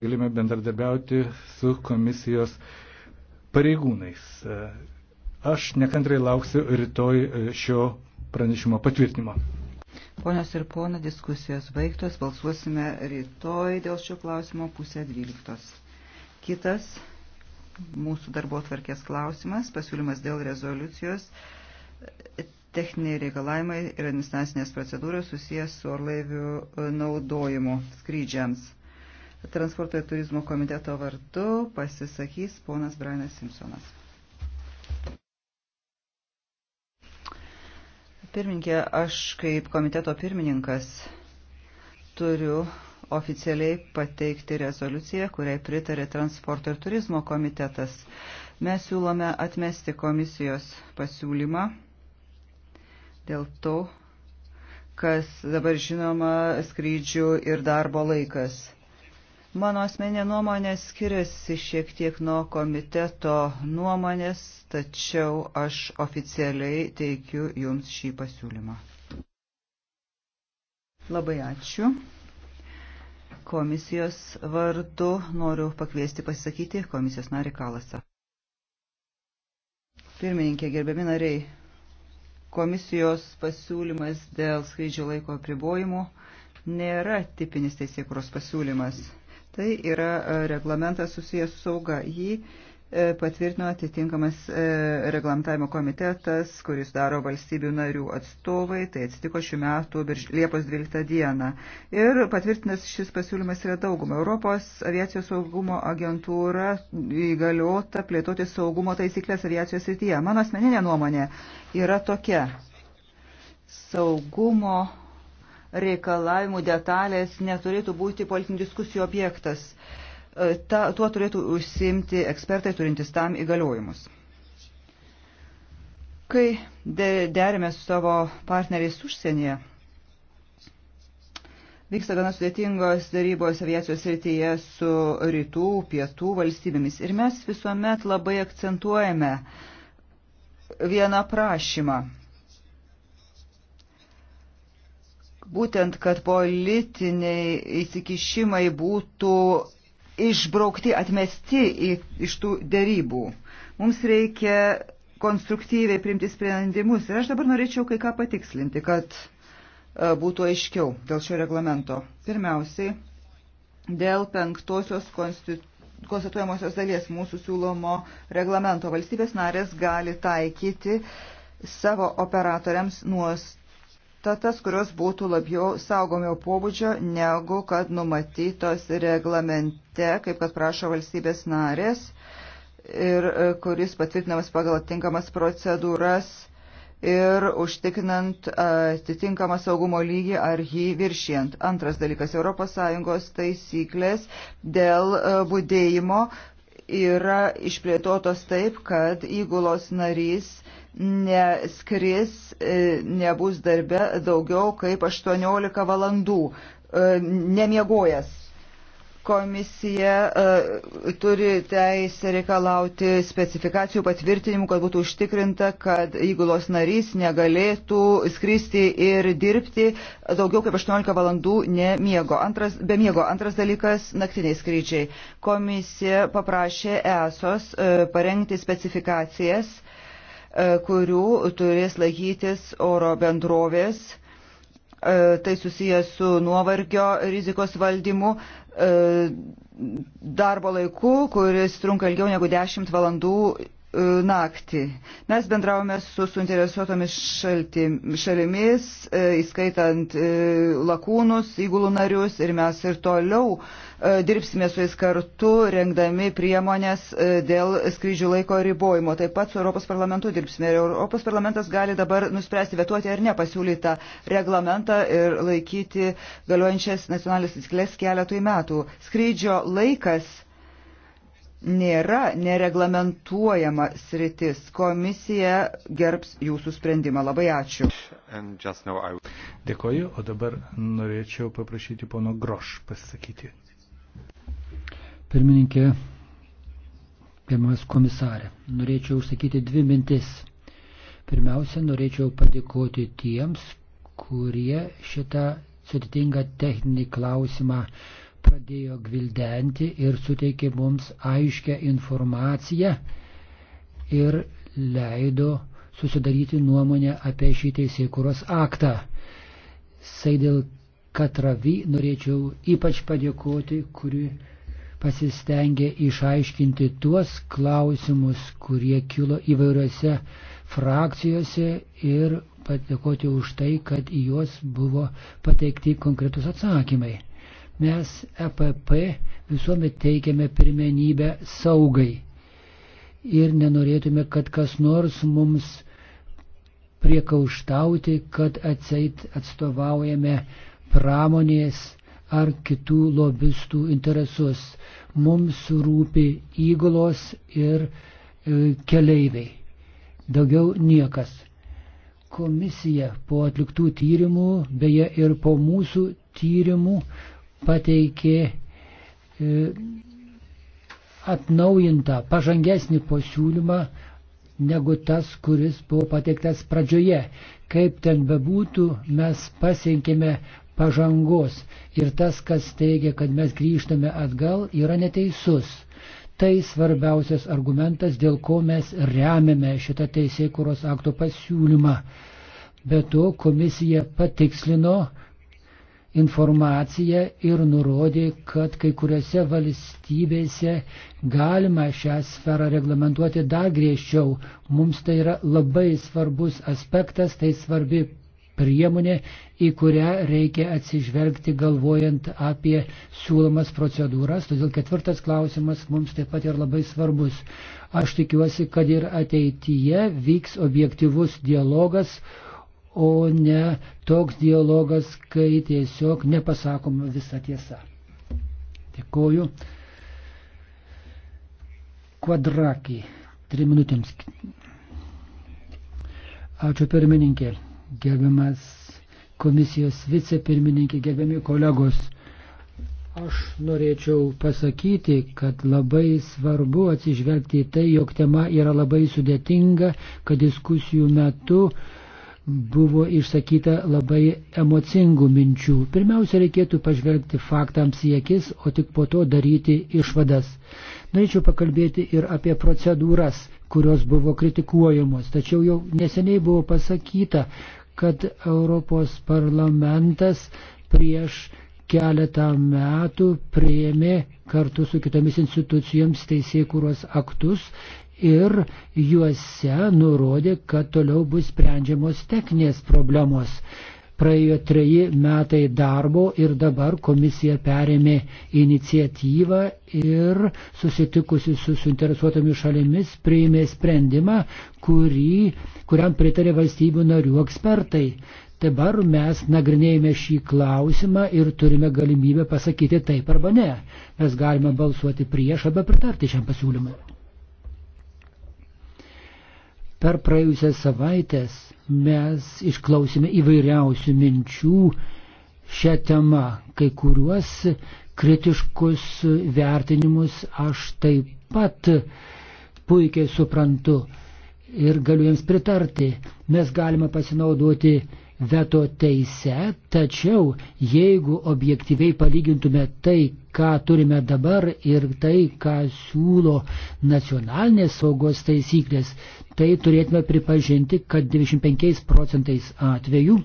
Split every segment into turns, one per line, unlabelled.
galime bendradarbiauti su komisijos pareigūnais. Aš nekantrai lauksiu rytoj šio pranešimo patvirtinimo.
Ponios ir pona, diskusijos baigtos, balsuosime rytoj dėl šio klausimo pusę dvyliktos. Kitas mūsų darbo tvarkės klausimas, pasiūlymas dėl rezoliucijos techniniai reikalavimai ir administracinės procedūros susijęs su orlaivių naudojimu skrydžiams. Transporto ir turizmo komiteto vardu pasisakys ponas Brianas Simpsonas. Pirmininkė, aš kaip komiteto pirmininkas turiu oficialiai pateikti rezoliuciją, kuriai pritarė transporto ir turizmo komitetas. Mes siūlome atmesti komisijos pasiūlymą dėl to, kas dabar žinoma skrydžių ir darbo laikas. Mano asmenė nuomonė skiriasi šiek tiek nuo komiteto nuomonės, tačiau aš oficialiai teikiu Jums šį pasiūlymą. Labai ačiū. Komisijos vardu noriu pakviesti pasisakyti komisijos narį Kalasą. Pirmininkė, gerbiami nariai, komisijos pasiūlymas dėl skrydžio laiko apribojimų nėra tipinis teisėkuros pasiūlymas Tai yra e, reglamentas susijęs su sauga. Jį e, patvirtino atitinkamas e, reglamentavimo komitetas, kuris daro valstybių narių atstovai. Tai atsitiko šių metų Liepos 12 dieną. Ir patvirtinas šis pasiūlymas yra dauguma. Europos aviacijos saugumo agentūra įgaliota plėtoti saugumo taisyklės aviacijos srityje. Mano asmeninė nuomonė yra tokia. Saugumo reikalavimų detalės neturėtų būti politinių diskusijų objektas. E, ta, tuo turėtų užsimti ekspertai turintys tam įgaliojimus. Kai derime su savo partneriais užsienyje, vyksta gana sudėtingos darybos aviacijos srityje su rytų, pietų valstybėmis. Ir mes visuomet labai akcentuojame vieną prašymą. būtent, kad politiniai įsikišimai būtų išbraukti, atmesti į, iš tų dėrybų. Mums reikia konstruktyviai priimti sprendimus. Ir aš dabar norėčiau kai ką patikslinti, kad e, būtų aiškiau dėl šio reglamento. Pirmiausiai, dėl penktosios konstatuojamosios dalies mūsų siūlomo reglamento valstybės narės gali taikyti savo operatoriams nuostatų nuostatas, kurios būtų labiau saugomio pobūdžio negu kad numatytos reglamente, kaip kad prašo valstybės narės ir e, kuris patvirtinamas pagal atinkamas procedūras ir užtikrinant e, atitinkamą saugumo lygį ar jį viršijant. Antras dalykas - ES taisyklės dėl e, būdėjimo yra išplėtotos taip, kad įgulos narys neskris, e, nebus darbe daugiau kaip 18 valandų, e, nemiegojęs. Komisija e, turi teisę reikalauti specifikacijų patvirtinimų, kad būtų užtikrinta, kad įgulos narys negalėtų skristi ir dirbti daugiau kaip 18 valandų nemiego. Antras, be miego. Antras dalykas - naktiniai skrydžiai. Komisija paprašė ESOS parengti specifikacijas E, kurių turės laikytis oro bendrovės. E, tai susijęs su nuovargio rizikos valdymu, e, darbo laiku, kuris trunka ilgiau negu 10 valandų naktį. Mes bendravome su suinteresuotomis šalimis, e, įskaitant e, lakūnus, įgulų narius ir mes ir toliau e, dirbsime su jais kartu, rengdami priemonės dėl skrydžių laiko ribojimo. Taip pat su Europos parlamentu dirbsime. Ir Europos parlamentas gali dabar nuspręsti vetuoti ar ne pasiūlytą reglamentą ir laikyti galiojančias nacionalinės taisyklės keletui metų. Skrydžio laikas nėra nereglamentuojama sritis. Komisija gerbs jūsų sprendimą. Labai ačiū.
Dėkoju, o dabar norėčiau paprašyti pono Groš pasisakyti.
Pirmininkė, pirmas komisarė, norėčiau užsakyti dvi mintis. Pirmiausia, norėčiau padėkoti tiems, kurie šitą sudėtingą techninį klausimą uh, pradėjo gvildenti ir suteikė mums aiškę informaciją ir leido susidaryti nuomonę apie šį teisėkuros aktą. Seidėl Katravi norėčiau ypač padėkoti, kuri pasistengė išaiškinti tuos klausimus, kurie kilo įvairiose frakcijose ir padėkoti už tai, kad į juos buvo pateikti konkretus atsakymai. Mes EPP visuomet teikiame pirmenybę saugai ir nenorėtume, kad kas nors mums priekauštauti, kad atseit atstovaujame pramonės ar kitų lobistų interesus. Mums rūpi įgulos ir e, keleiviai. Daugiau niekas. Komisija po atliktų tyrimų, beje ir po mūsų tyrimų, pateikė e, atnaujintą, pažangesnį pasiūlymą negu tas, kuris buvo pateiktas pradžioje. Kaip ten bebūtų, mes pasiekėme pažangos ir tas, kas teigia, kad mes grįžtame atgal, yra neteisus. Tai svarbiausias argumentas, dėl ko mes remiame šitą teisėkuros akto pasiūlymą. Be to, komisija patikslino, informaciją ir nurodė, kad kai kuriuose valstybėse galima šią sferą reglamentuoti dar griežčiau. Mums tai yra labai svarbus aspektas, tai svarbi priemonė, į kurią reikia atsižvelgti galvojant apie siūlomas procedūras. Todėl ketvirtas klausimas mums taip pat yra labai svarbus. Aš tikiuosi, kad ir ateityje vyks objektivus dialogas, o ne toks dialogas, kai tiesiog nepasakoma visa tiesa. Dėkoju. Kvadrakį. Trim minutėms. Ačiū pirmininkė. Gerbiamas komisijos vicepirmininkė, gerbiami kolegos. Aš norėčiau pasakyti, kad labai svarbu atsižvelgti į tai, jog tema yra labai sudėtinga, kad diskusijų metu uh, buvo išsakyta labai emocingų minčių. Pirmiausia, reikėtų pažvelgti faktams į akis, o tik po to daryti išvadas. Norėčiau pakalbėti ir apie procedūras, kurios buvo kritikuojamos. Tačiau jau neseniai buvo pasakyta, kad Europos parlamentas prieš keletą metų prieėmė kartu su kitomis institucijoms teisėkūros aktus ir juose nurodė, kad toliau bus sprendžiamos techninės problemos. Praėjo treji metai darbo ir dabar komisija perėmė iniciatyvą ir susitikusi su suinteresuotomis šalimis priėmė sprendimą, kurį, kuriam pritarė valstybių narių ekspertai. Dabar mes nagrinėjame šį klausimą ir turime galimybę pasakyti taip arba ne. Mes galime balsuoti prieš arba pritarti šiam pasiūlymui. Per praėjusias savaitės mes išklausėme įvairiausių minčių šią temą, kai kuriuos kritiškus vertinimus aš taip pat puikiai suprantu ir galiu jiems pritarti. Mes galime pasinaudoti veto teise, tačiau jeigu objektyviai palygintume tai, ką turime dabar ir tai, ką siūlo nacionalinės saugos taisyklės, tai turėtume pripažinti, kad 95 procentais atvejų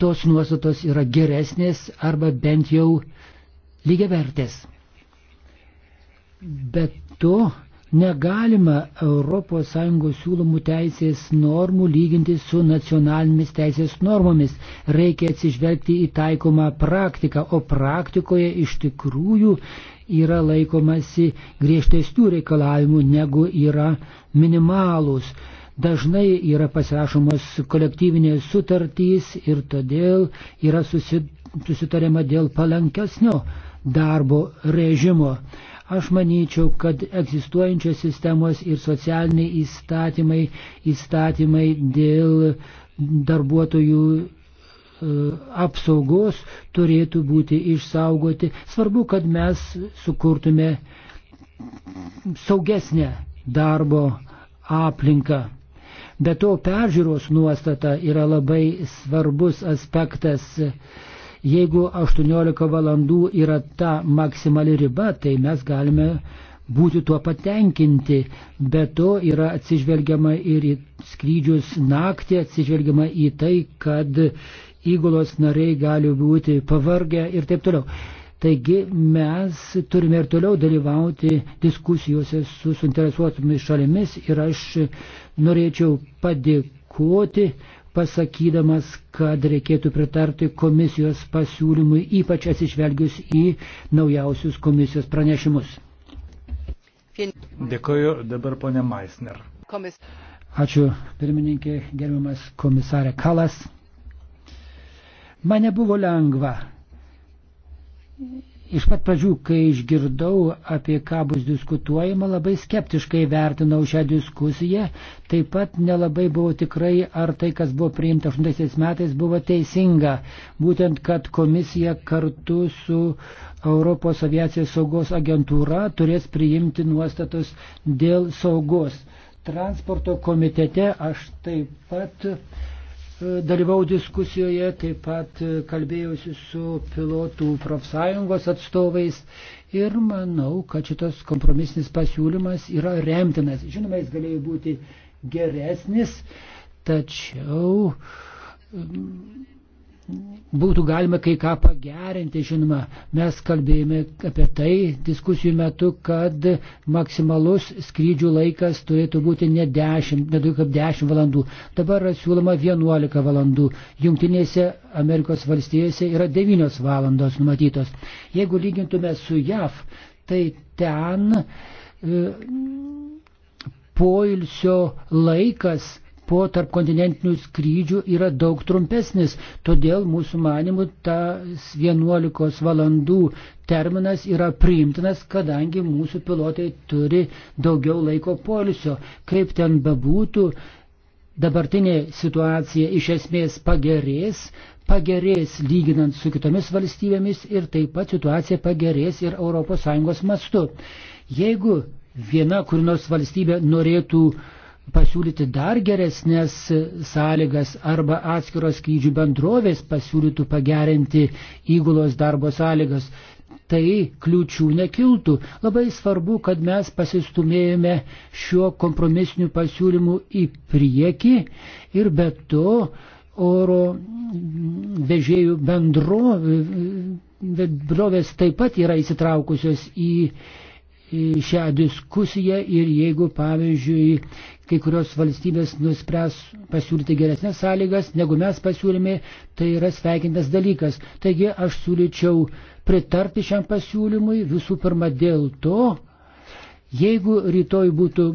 tos nuostatos yra geresnės arba bent jau lygiavertės. Bet to negalima ES siūlomų teisės normų lyginti su nacionalinėmis teisės normomis. Reikia atsižvelgti į taikomą praktiką, o praktikoje iš tikrųjų yra laikomasi griežtesnių reikalavimų negu yra minimalūs. Dažnai yra pasirašomos kolektyvinės sutartys ir todėl yra susitarima dėl palankesnio darbo režimo. Aš manyčiau, kad egzistuojančios sistemos ir socialiniai įstatymai, įstatymai dėl darbuotojų E, apsaugos turėtų būti išsaugoti. Svarbu, kad mes sukurtume saugesnę darbo aplinką. Be to peržiūros nuostata yra labai svarbus aspektas. Jeigu 18 valandų yra ta maksimali riba, tai mes galime būti tuo patenkinti. Be to yra atsižvelgiama ir į skrydžius naktį, atsižvelgiama į tai, kad įgulos nariai gali būti pavargę ir taip toliau. Taigi mes turime ir toliau dalyvauti diskusijose su suinteresuotomis šalimis ir aš norėčiau padėkoti pasakydamas, kad reikėtų pritarti komisijos pasiūlymui, ypač atsižvelgius į naujausius komisijos pranešimus. Dėkoju dabar ponė Maisner. Ačiū pirmininkė, gerbiamas komisarė Kalas. Man nebuvo lengva. Iš pat pradžių, kai išgirdau, apie ką bus diskutuojama, labai skeptiškai vertinau šią diskusiją, taip pat nelabai buvau tikrai, ar tai, kas buvo priimta 80 metais, buvo teisinga. Būtent, kad komisija kartu su Europos aviacijos saugos agentūra turės priimti nuostatus dėl saugos. Transporto komitete aš taip pat dalyvau diskusijoje, taip pat kalbėjausi su pilotų profsąjungos atstovais ir manau, kad šitas kompromisinis pasiūlymas yra remtinas. Žinoma, jis galėjo būti geresnis, tačiau būtų galima kai ką pagerinti, žinoma. Mes kalbėjome apie tai diskusijų metu, kad maksimalus skrydžių laikas turėtų būti ne 10, ne 2,10 valandų. Dabar siūloma 11 valandų. Junktinėse Amerikos valstijose yra 9 valandos numatytos. Jeigu lygintume su JAV, tai ten e, poilsio laikas po tarpkontinentinių skrydžių yra daug trumpesnis, todėl mūsų manimų tas 11 valandų terminas yra priimtinas, kadangi mūsų pilotai turi daugiau laiko polisio. Kaip ten bebūtų, dabartinė situacija iš esmės pagerės, pagerės lyginant su kitomis valstybėmis ir taip pat situacija pagerės ir ES mastu. Jeigu viena kur nors valstybė norėtų uh, pasiūlyti dar geresnės sąlygas arba atskiros skrydžių bendrovės pasiūlytų pagerinti įgulos darbo sąlygas, tai kliūčių nekiltų. Labai svarbu, kad mes pasistumėjome šiuo kompromisiniu pasiūlymu į priekį ir be to oro vežėjų bendro, bendrovės taip pat yra įsitraukusios į šią diskusiją ir jeigu, pavyzdžiui, kai kurios valstybės nuspręs pasiūlyti geresnės sąlygas, negu mes pasiūlėme, tai yra sveikintas dalykas. Taigi aš siūlyčiau pritarti šiam pasiūlymui visų pirma dėl to, jeigu rytoj būtų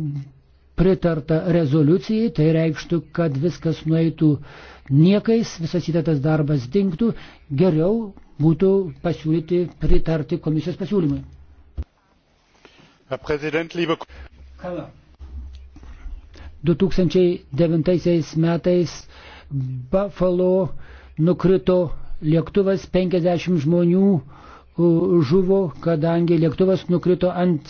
pritarta rezoliucijai, tai reikštų, kad viskas nueitų niekais, visas įdėtas darbas dinktų, geriau būtų pasiūlyti pritarti komisijos pasiūlymui.
Herr Präsident, liebe Kollegen!
2009 metais Buffalo nukrito lėktuvas, 50 žmonių žuvo, kadangi lėktuvas nukrito ant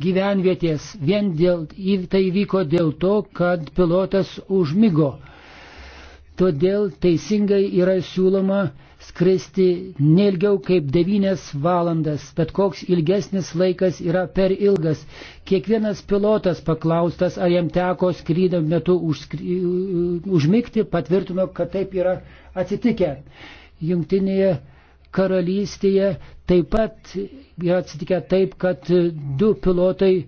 gyvenvietės. Vien dėl, tai vyko dėl to, kad pilotas užmygo. Todėl teisingai yra siūloma skristi nelgiau kaip 9 valandas, bet koks ilgesnis laikas yra per ilgas. Kiekvienas pilotas paklaustas, ar jam teko skrydžio metu užskry... užmygti, patvirtino, kad taip yra atsitikę. Jungtinėje karalystėje taip pat yra atsitikę taip, kad du pilotai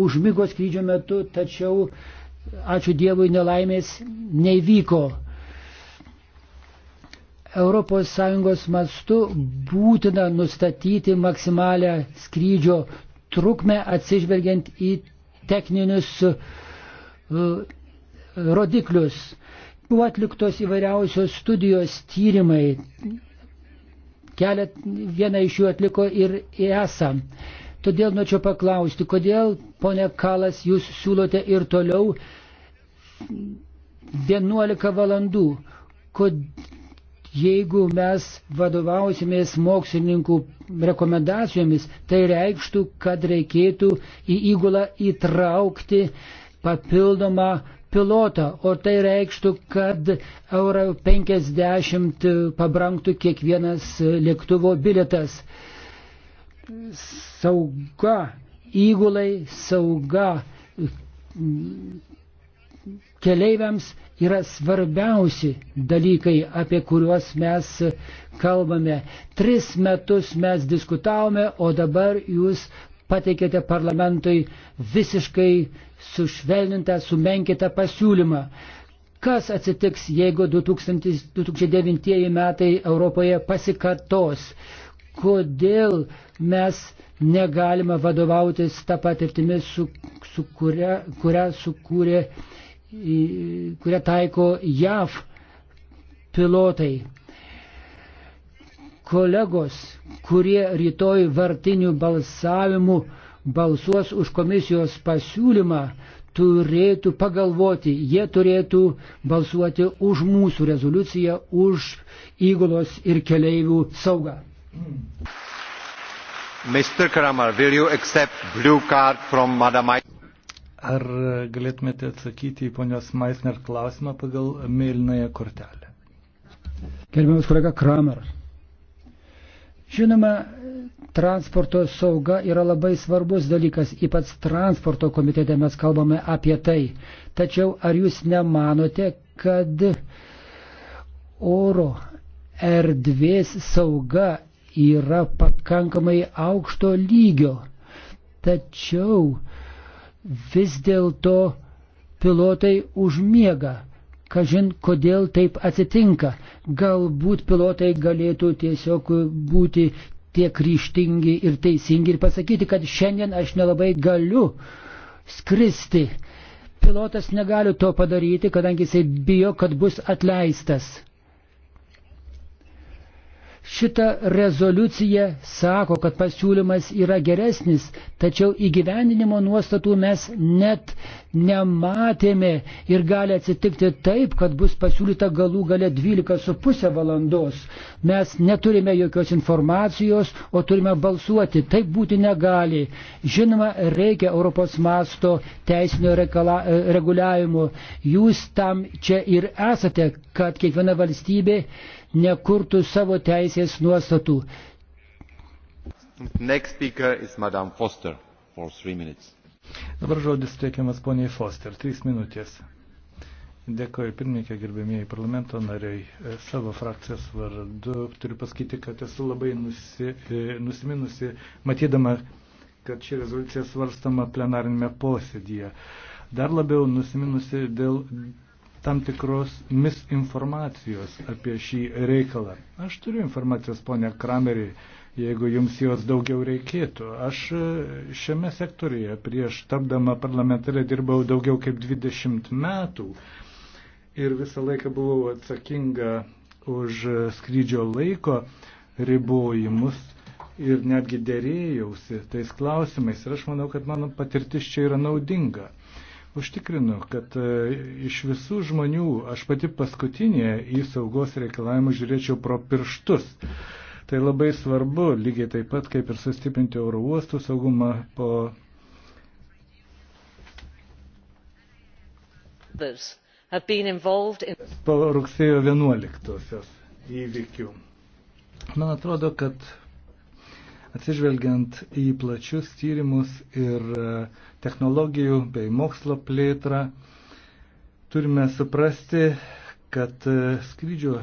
užmygo skrydžio metu, tačiau ačiū Dievui nelaimės nevyko. ES mastu būtina nustatyti maksimalę skrydžio trukmę atsižvelgiant į techninius e, rodiklius. Buvo atliktos įvairiausios studijos tyrimai. Kelet, vieną iš jų atliko ir ESA. Todėl norėčiau paklausti, kodėl, ponė Kalas, jūs siūlote ir toliau 11 valandų. Kod, Jeigu mes vadovausimės mokslininkų rekomendacijomis, tai reikštų, kad reikėtų į įgulą įtraukti papildomą pilotą, o tai reikštų, kad euro 50 pabranktų kiekvienas lėktuvo bilietas. Sauga įgulai, sauga keleiviams yra svarbiausi dalykai, apie kuriuos mes kalbame. Tris metus mes diskutavome, o dabar jūs pateikėte parlamentui visiškai sušvelnintą, sumenkintą pasiūlymą. Kas atsitiks, jeigu 2000, 2009 metai Europoje pasikartos? Kodėl mes negalime vadovautis tą patirtimį, su, su kuria, kurią sukūrė kurią taiko JAV pilotai. Kolegos, kurie rytoj vartinių balsavimų balsuos už komisijos pasiūlymą, turėtų pagalvoti, jie turėtų balsuoti už mūsų rezoliuciją, už įgulos ir keleivių saugą.
Mr. Kramer, will you accept blue card from Madam I? Ar galėtumėte atsakyti į ponios Maisner klausimą pagal mėlynąją kortelę?
Gerbiamas kolega Kramer. Žinoma, transporto sauga yra labai svarbus dalykas, ypač transporto komitete mes kalbame apie tai. Tačiau ar jūs nemanote, kad oro erdvės sauga yra pakankamai aukšto lygio? Tačiau vis dėlto pilotai užmiega. Kažin, kodėl taip atsitinka. Galbūt pilotai galėtų tiesiog būti tiek ryštingi ir teisingi ir pasakyti, kad šiandien aš nelabai galiu skristi. Pilotas negali to padaryti, kadangi jisai bijo, kad bus atleistas. Šita rezoliucija sako, kad pasiūlymas yra geresnis, tačiau įgyvendinimo nuostatų mes net nematėme ir gali atsitikti taip, kad bus pasiūlyta galų gale 12,5 valandos mes neturime jokios informacijos, o turime balsuoti. Taip būti negali. Žinoma, reikia Europos masto teisinio rekala, e, reguliavimo. Jūs tam čia ir esate, kad kiekviena valstybė nekurtų savo teisės nuostatų.
Next speaker is Madame Foster for three minutes.
Dabar žodis teikiamas
poniai Foster, trys minutės. Dėkoju pirmininkė, gerbėmėjai parlamento nariai. E, savo frakcijos vardu turiu pasakyti, kad esu labai nusi, e, nusiminusi, matydama, kad ši rezoliucija svarstama plenarinėme posėdyje. Dar labiau nusiminusi dėl tam tikros misinformacijos apie šį reikalą. Aš turiu informacijos, ponia Kramerį, jeigu jums jos daugiau reikėtų. Aš e, šiame sektorija prieš tapdama parlamentarė dirbau daugiau kaip 20 metų ir visą laiką buvau atsakinga už skrydžio laiko ribojimus ir netgi dėrėjausi tais klausimais. Ir aš manau, kad mano patirtis čia yra naudinga. Užtikrinu, kad e, iš visų žmonių aš pati paskutinė į saugos reikalavimą žiūrėčiau pro pirštus. Tai labai svarbu, lygiai taip pat kaip ir sustiprinti oro uostų saugumą po. This have been involved in. Po rugsėjo 11-osios įvykių. Man atrodo, kad atsižvelgiant į plačius tyrimus ir e, technologijų bei mokslo plėtrą, turime suprasti, kad e, skrydžio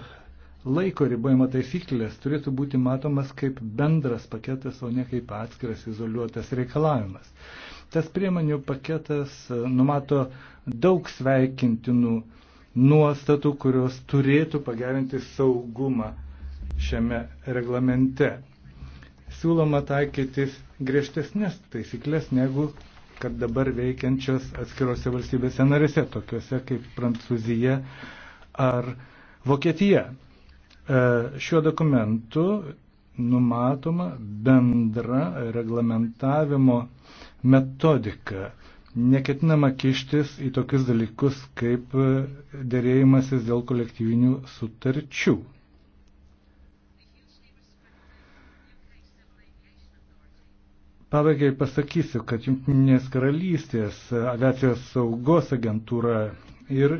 laiko ribojimo taisyklės turėtų būti matomas kaip bendras paketas, o ne kaip atskiras izoliuotas reikalavimas. Tas priemonių paketas e, numato daug sveikintinų nuostatų, kurios turėtų pagerinti saugumą šiame reglamente. Siūloma taikytis griežtesnės taisyklės negu kad dabar veikiančios atskirose valstybėse narėse, tokiuose kaip Prancūzija ar Vokietija. E, šiuo dokumentu numatoma bendra reglamentavimo metodiką. Neketinama kištis į tokius dalykus kaip e, dėrėjimasis dėl kolektyvinių sutarčių. Pabaigai pasakysiu, kad Junktinės karalystės aviacijos saugos agentūra ir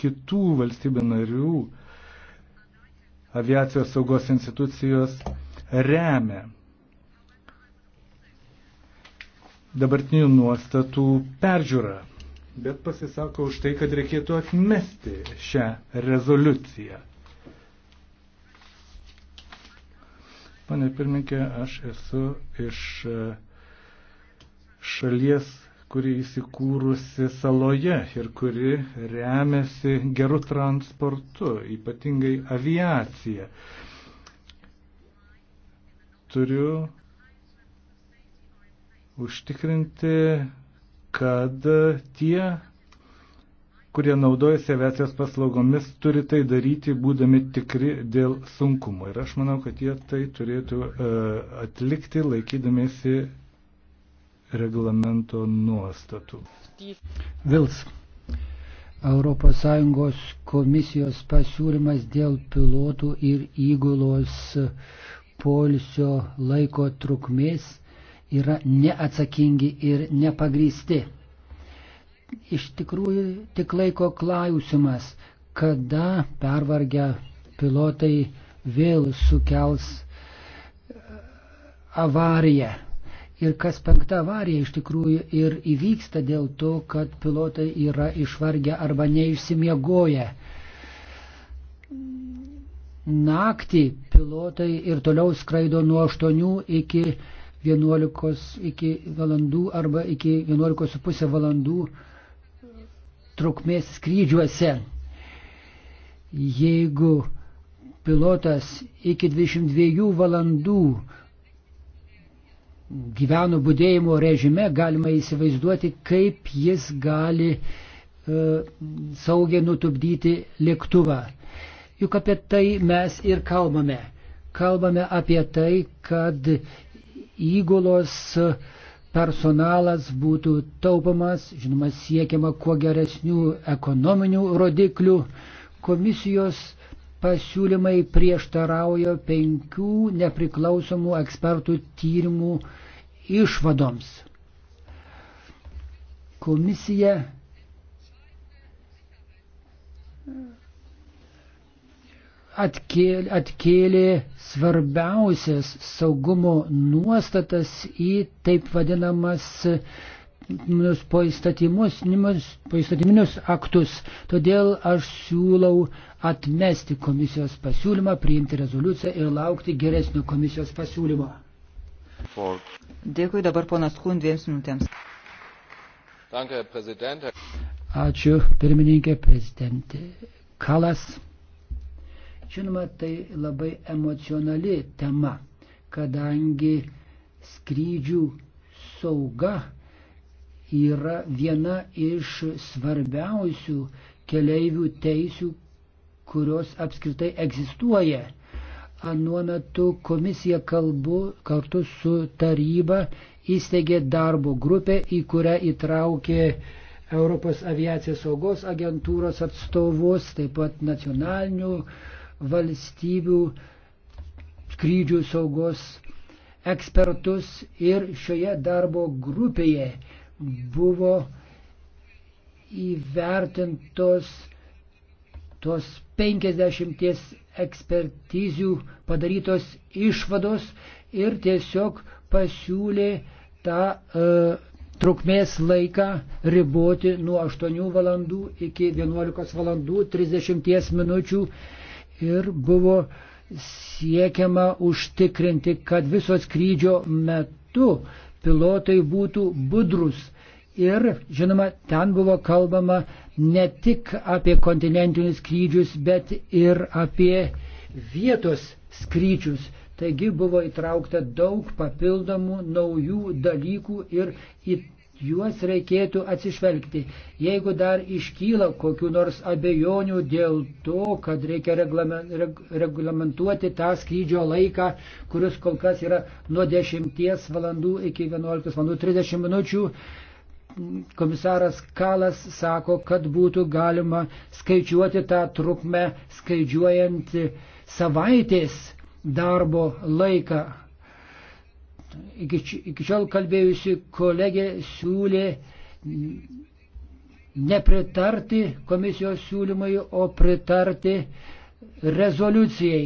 kitų valstybių narių aviacijos saugos institucijos remia dabartinių nuostatų peržiūrą, bet pasisako už tai, kad reikėtų atmesti šią rezoliuciją. Pane pirmininkė, aš esu iš e, šalies, kuri įsikūrusi saloje ir kuri remiasi geru transportu, ypatingai aviacija. Turiu užtikrinti, kad tie, kurie naudojasi aviacijos paslaugomis, turi tai daryti, būdami tikri dėl sunkumų. Ir aš manau, kad jie tai turėtų e, atlikti, laikydamėsi reglamento nuostatų.
Vils. ES komisijos pasiūlymas dėl pilotų ir įgulos polisio laiko trukmės yra neatsakingi ir nepagrysti. Iš tikrųjų tik laiko klausimas, kada pervargę pilotai vėl sukels e, avariją. Ir kas penkta avarija iš tikrųjų ir įvyksta dėl to, kad pilotai yra išvargę arba neišsimiegoję. Naktį pilotai ir toliau skraido nuo 8 iki 11 iki valandų arba iki 11,5 valandų trukmės skrydžiuose. Jeigu pilotas iki 22 valandų gyveno būdėjimo režime, galima įsivaizduoti, kaip jis gali e, saugiai nutupdyti lėktuvą. Juk apie tai mes ir kalbame. Kalbame apie tai, kad įgulos personalas būtų taupamas, žinoma, siekiama kuo geresnių ekonominių rodiklių. Komisijos pasiūlymai prieštarauja penkių nepriklausomų ekspertų tyrimų išvadoms. Komisija atkėlė, atkėlė svarbiausias saugumo nuostatas į taip vadinamas poįstatyminius aktus. Todėl aš siūlau atmesti komisijos pasiūlymą, priimti rezoliuciją ir laukti geresnio komisijos pasiūlymo. For... Dėkui dabar ponas Kun dviems minutėms. Danke, Ačiū, pirmininkė, prezidentė Kalas. Žinoma, tai labai emocionali tema, kadangi skrydžių sauga yra viena iš svarbiausių keleivių teisių, kurios apskritai egzistuoja. Anuo metu komisija kalbu kartu su taryba įsteigė darbo grupę, į kurią įtraukė Europos aviacijos saugos agentūros atstovus, taip pat nacionalinių valstybių skrydžių saugos ekspertus ir šioje darbo grupėje buvo įvertintos tos 50 ekspertizių padarytos išvados ir tiesiog pasiūlė tą e, trukmės laiką riboti nuo 8 valandų iki 11 valandų 30 minučių ir buvo siekiama užtikrinti, kad viso skrydžio metu pilotai būtų budrus. Ir, žinoma, ten buvo kalbama ne tik apie kontinentinius skrydžius, bet ir apie vietos skrydžius. Taigi buvo įtraukta daug papildomų naujų dalykų ir į juos reikėtų atsižvelgti. Jeigu dar iškyla kokiu nors abejonių dėl to, kad reikia reglamentuoti tą skrydžio laiką, kuris kol kas yra nuo 10 valandų iki 11 valandų 30 minučių, komisaras Kalas sako, kad būtų galima skaičiuoti tą trukmę, skaičiuojant savaitės darbo laiką iki, iki šiol kalbėjusi kolegė siūlė nepritarti komisijos siūlymui, o pritarti rezoliucijai.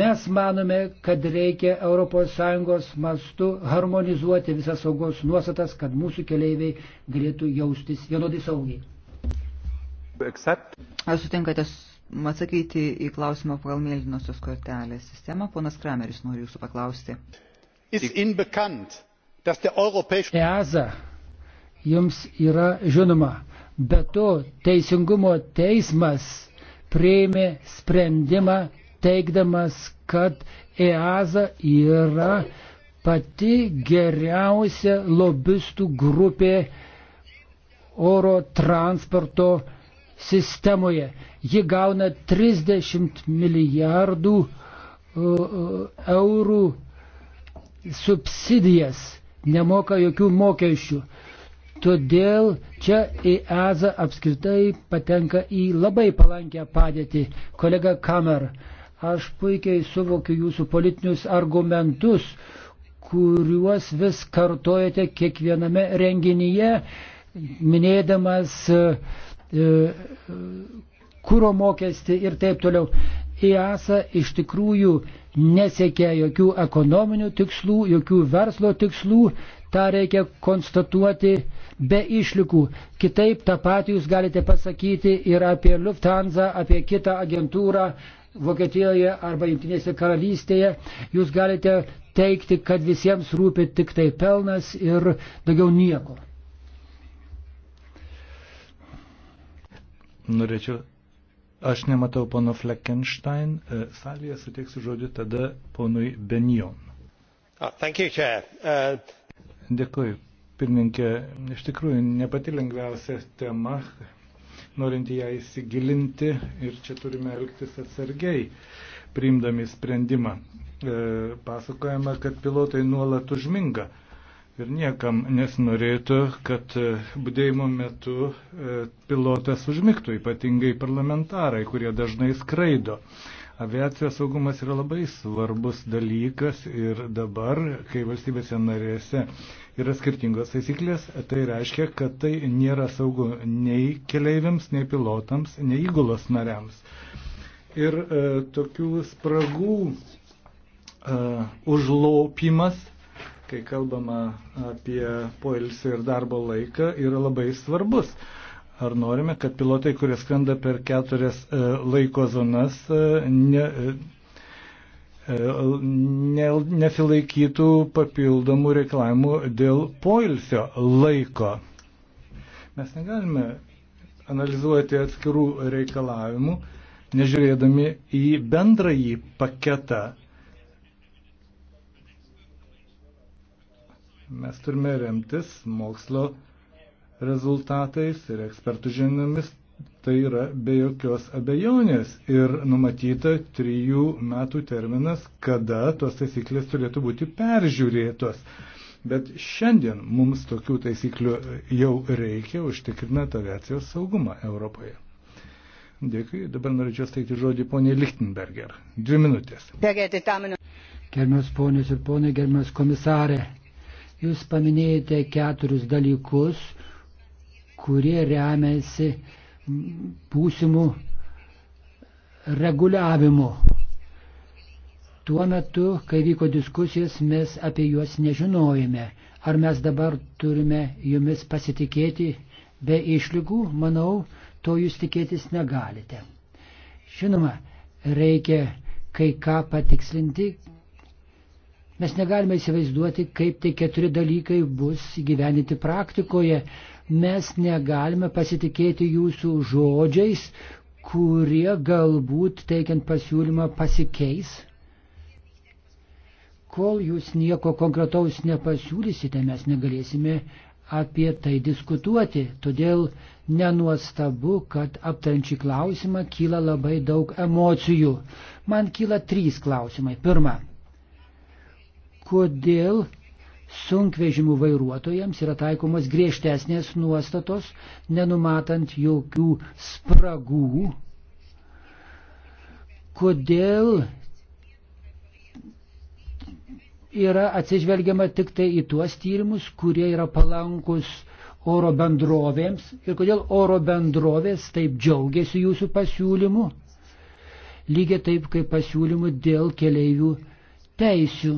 Mes manome, kad reikia ES mastu harmonizuoti visas saugos nuostatas, kad mūsų keleiviai galėtų jaustis vienodai
saugiai. Ar sutinkate atsakyti į klausimą pagal mėlynosios kortelės sistemą? Ponas Krameris nori jūsų paklausti ist Ihnen bekannt, dass
der europäische. EASA jums yra žinoma, be to Teisingumo teismas prieimė sprendimą teikdamas, kad EASA yra pati geriausia lobistų grupė oro transporto sistemoje. Ji gauna 30 milijardų e, e, eurų subsidijas, nemoka jokių mokesčių. Todėl čia EASA apskritai patenka į labai palankę padėtį. Kolega Kamer, aš puikiai suvokiu jūsų politinius argumentus, kuriuos vis kartojate kiekviename renginyje, minėdamas e, e, kūro mokestį ir taip toliau. EASA iš tikrųjų nesiekia jokių ekonominių tikslų, jokių verslo tikslų, tą reikia konstatuoti be išlikų. Kitaip tą patį jūs galite pasakyti ir apie Lufthansa, apie kitą agentūrą Vokietijoje arba Junktinėse karalystėje. Jūs galite teikti, kad visiems rūpi tik tai pelnas ir daugiau nieko.
Norėčiau Aš nematau pono Fleckenstein. E, salėje suteiksiu žodį tada ponui Benjon. Uh, uh, Dėkui, pirmininkė. Iš tikrųjų, ne pati lengviausia tema, norint ją įsigilinti ir čia turime elgtis atsargiai, priimdami sprendimą. E, pasakojama, kad pilotai nuolat užminga. Ir niekam nesinorėtų, kad e, būdėjimo metu e, pilotas užmigtų, ypatingai parlamentarai, kurie dažnai skraido. Aviacijos saugumas yra labai svarbus dalykas ir dabar, kai valstybėse narėse yra skirtingos taisyklės, tai reiškia, kad tai nėra saugu nei keleiviams, nei pilotams, nei įgulos nariams. Ir e, tokių spragų e, užlopimas kai kalbama apie poilsį ir darbo laiką, yra labai svarbus. Ar norime, kad pilotai, kurie skrenda per keturias e, laiko zonas, e, ne, e, ne, nesilaikytų papildomų reikalavimų dėl poilsio laiko? Mes negalime analizuoti atskirų reikalavimų, nežiūrėdami į bendrąjį paketą Mes turime remtis mokslo rezultatais ir ekspertų žiniomis. Tai yra be jokios abejonės ir numatyta trijų metų terminas, kada tos taisyklės turėtų būti peržiūrėtos. Bet šiandien mums tokių taisyklių jau reikia užtikrinant aviacijos saugumą Europoje. Dėkui. Dabar norėčiau steigti žodį poniai Lichtenberger.
Dvi minutės.
Gerbiamas
ponės ir ponai, gerbiamas komisarė. Jūs paminėjote keturis dalykus, kurie remiasi būsimų reguliavimų. Tuo metu, kai vyko diskusijas, mes apie juos nežinojome. Ar mes dabar turime jumis pasitikėti be išlygų? Manau, to jūs tikėtis negalite. Žinoma, reikia kai ką patikslinti, Mes negalime įsivaizduoti, kaip tie keturi dalykai bus įgyveninti praktikoje. Mes negalime pasitikėti jūsų žodžiais, kurie galbūt teikiant pasiūlymą pasikeis. Kol jūs nieko konkretaus nepasiūlysite, mes negalėsime apie tai diskutuoti. Todėl nenuostabu, kad aptarančių klausimą kyla labai daug emocijų. Man kyla trys klausimai. Pirma, kodėl sunkvežimų vairuotojams yra taikomos griežtesnės nuostatos, nenumatant jokių spragų, kodėl yra atsižvelgiama tik tai į tuos tyrimus, kurie yra palankus oro bendrovėms ir kodėl oro bendrovės taip džiaugiasi jūsų pasiūlymu, lygiai taip kaip pasiūlymu dėl keleivių teisių.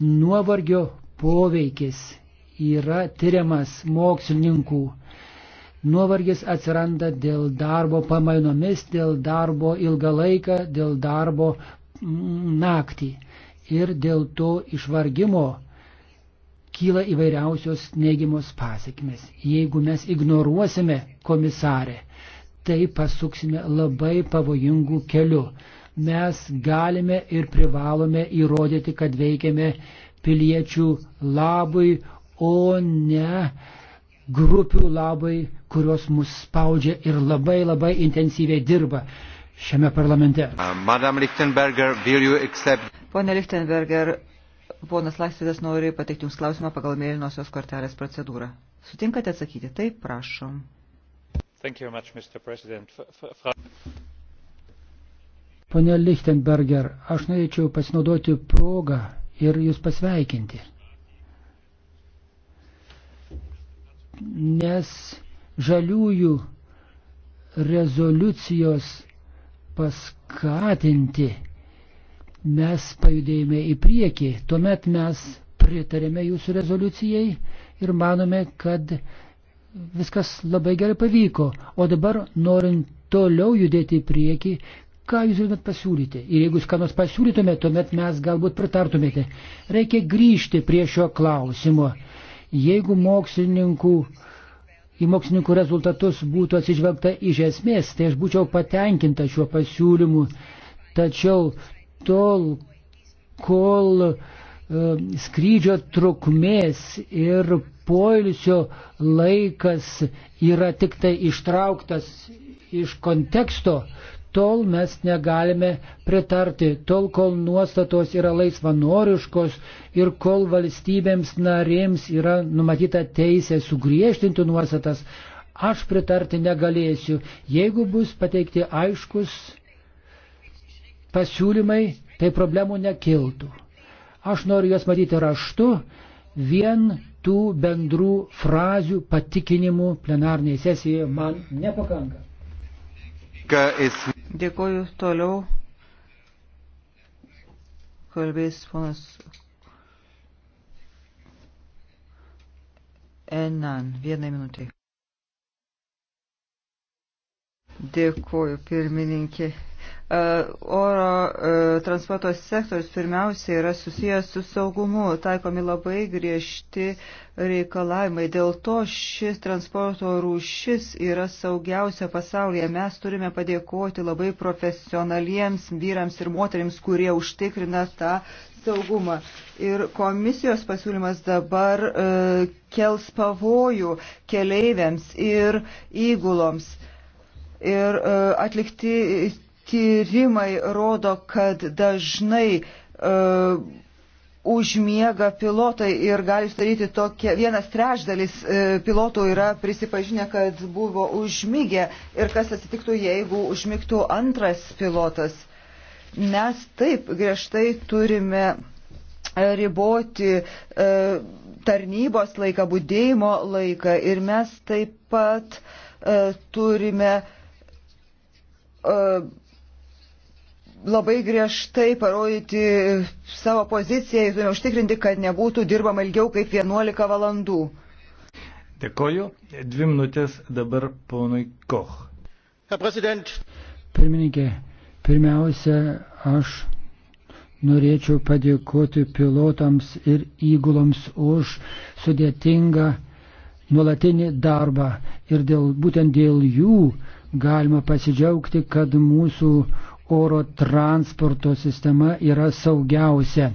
Nuovargio poveikis yra tyriamas mokslininkų. Nuovargis atsiranda dėl darbo pamainomis, dėl darbo ilgą laiką, dėl darbo mm, naktį. Ir dėl to išvargimo kyla įvairiausios neigiamos pasiekmes. Jeigu mes ignoruosime komisarę, tai pasuksime labai pavojingų kelių mes galime ir privalome įrodyti, kad veikiame piliečių labui, o ne grupių labai, kurios mus spaudžia ir labai labai intensyviai
dirba šiame parlamente.
Uh, Lichtenberger, accept...
Pone Lichtenberger, ponas Laisvidas nori pateikti Jums klausimą pagal mėlynosios kortelės procedūrą. Sutinkate atsakyti? Taip, prašom.
Thank you very much, Mr. President. F
Pone Lichtenberger, aš norėčiau pasinaudoti progą ir jūs pasveikinti. Nes žaliųjų rezoliucijos paskatinti mes pajudėjome į priekį. Tuomet mes pritarėme jūsų rezoliucijai ir manome, kad viskas labai gerai pavyko. O dabar norint toliau judėti į priekį, ką jūs turėtumėt pasiūlyti. Ir jeigu jūs ką nors pasiūlytumėte, tuomet mes galbūt pritartumėte. Reikia grįžti prie šio klausimo. Jeigu mokslininkų, į mokslininkų rezultatus būtų atsižvelgta iš esmės, tai aš būčiau patenkinta šiuo pasiūlymu. Tačiau tol, kol uh, skrydžio trukmės ir poilsio laikas yra tik tai ištrauktas iš konteksto, tol mes negalime pritarti, tol kol nuostatos yra laisvanoriškos ir kol valstybėms narėms yra numatyta teisė sugriežtinti nuostatas, aš pritarti negalėsiu. Jeigu bus pateikti aiškus pasiūlymai, tai problemų nekiltų. Aš noriu juos matyti raštu, vien tų bendrų frazių patikinimų plenarnėje sesijoje man nepakanka.
Dėkoju toliau. Kalbės ponas Enan. Vienai minutė. Dėkoju, pirmininkė. E, oro e, transporto sektorius pirmiausia yra susijęs su saugumu, taikomi labai griežti reikalavimai. Dėl to šis transporto rūšis yra saugiausia pasaulyje. Mes turime padėkoti labai profesionaliems vyrams ir moteriams, kurie užtikrina tą saugumą. Ir komisijos pasiūlymas dabar e, kels pavojų keleiviams ir įguloms. Ir e, atlikti tyrimai rodo, kad dažnai uh, užmiega pilotai ir gali sudaryti tokia, vienas trečdalis uh, pilotų yra prisipažinę, kad buvo užmygę ir kas atsitiktų, jeigu užmygtų antras pilotas. Mes taip griežtai turime e, riboti uh, tarnybos laiką, būdėjimo laiką ir mes taip pat uh, turime uh, labai griežtai parodyti savo poziciją ir turime užtikrinti, kad nebūtų dirbama ilgiau kaip 11 valandų.
Dėkoju. Dvi minutės dabar ponui Koch.
Pirmininkė, pirmiausia, aš norėčiau padėkoti pilotams ir įguloms už sudėtingą nuolatinį darbą ir dėl, būtent dėl jų galima pasidžiaugti, kad mūsų oro transporto sistema yra saugiausia.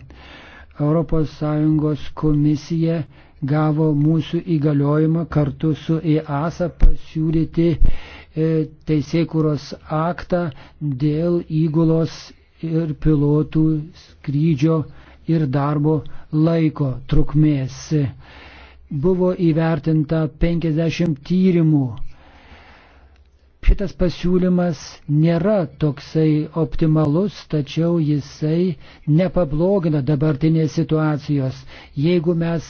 ES komisija gavo mūsų įgaliojimą kartu su EASA pasiūlyti e, teisėkuros aktą dėl įgulos ir pilotų skrydžio ir darbo laiko trukmės. Buvo įvertinta 50 tyrimų Šitas pasiūlymas nėra toksai optimalus, tačiau jisai nepablogina dabartinės situacijos. Jeigu mes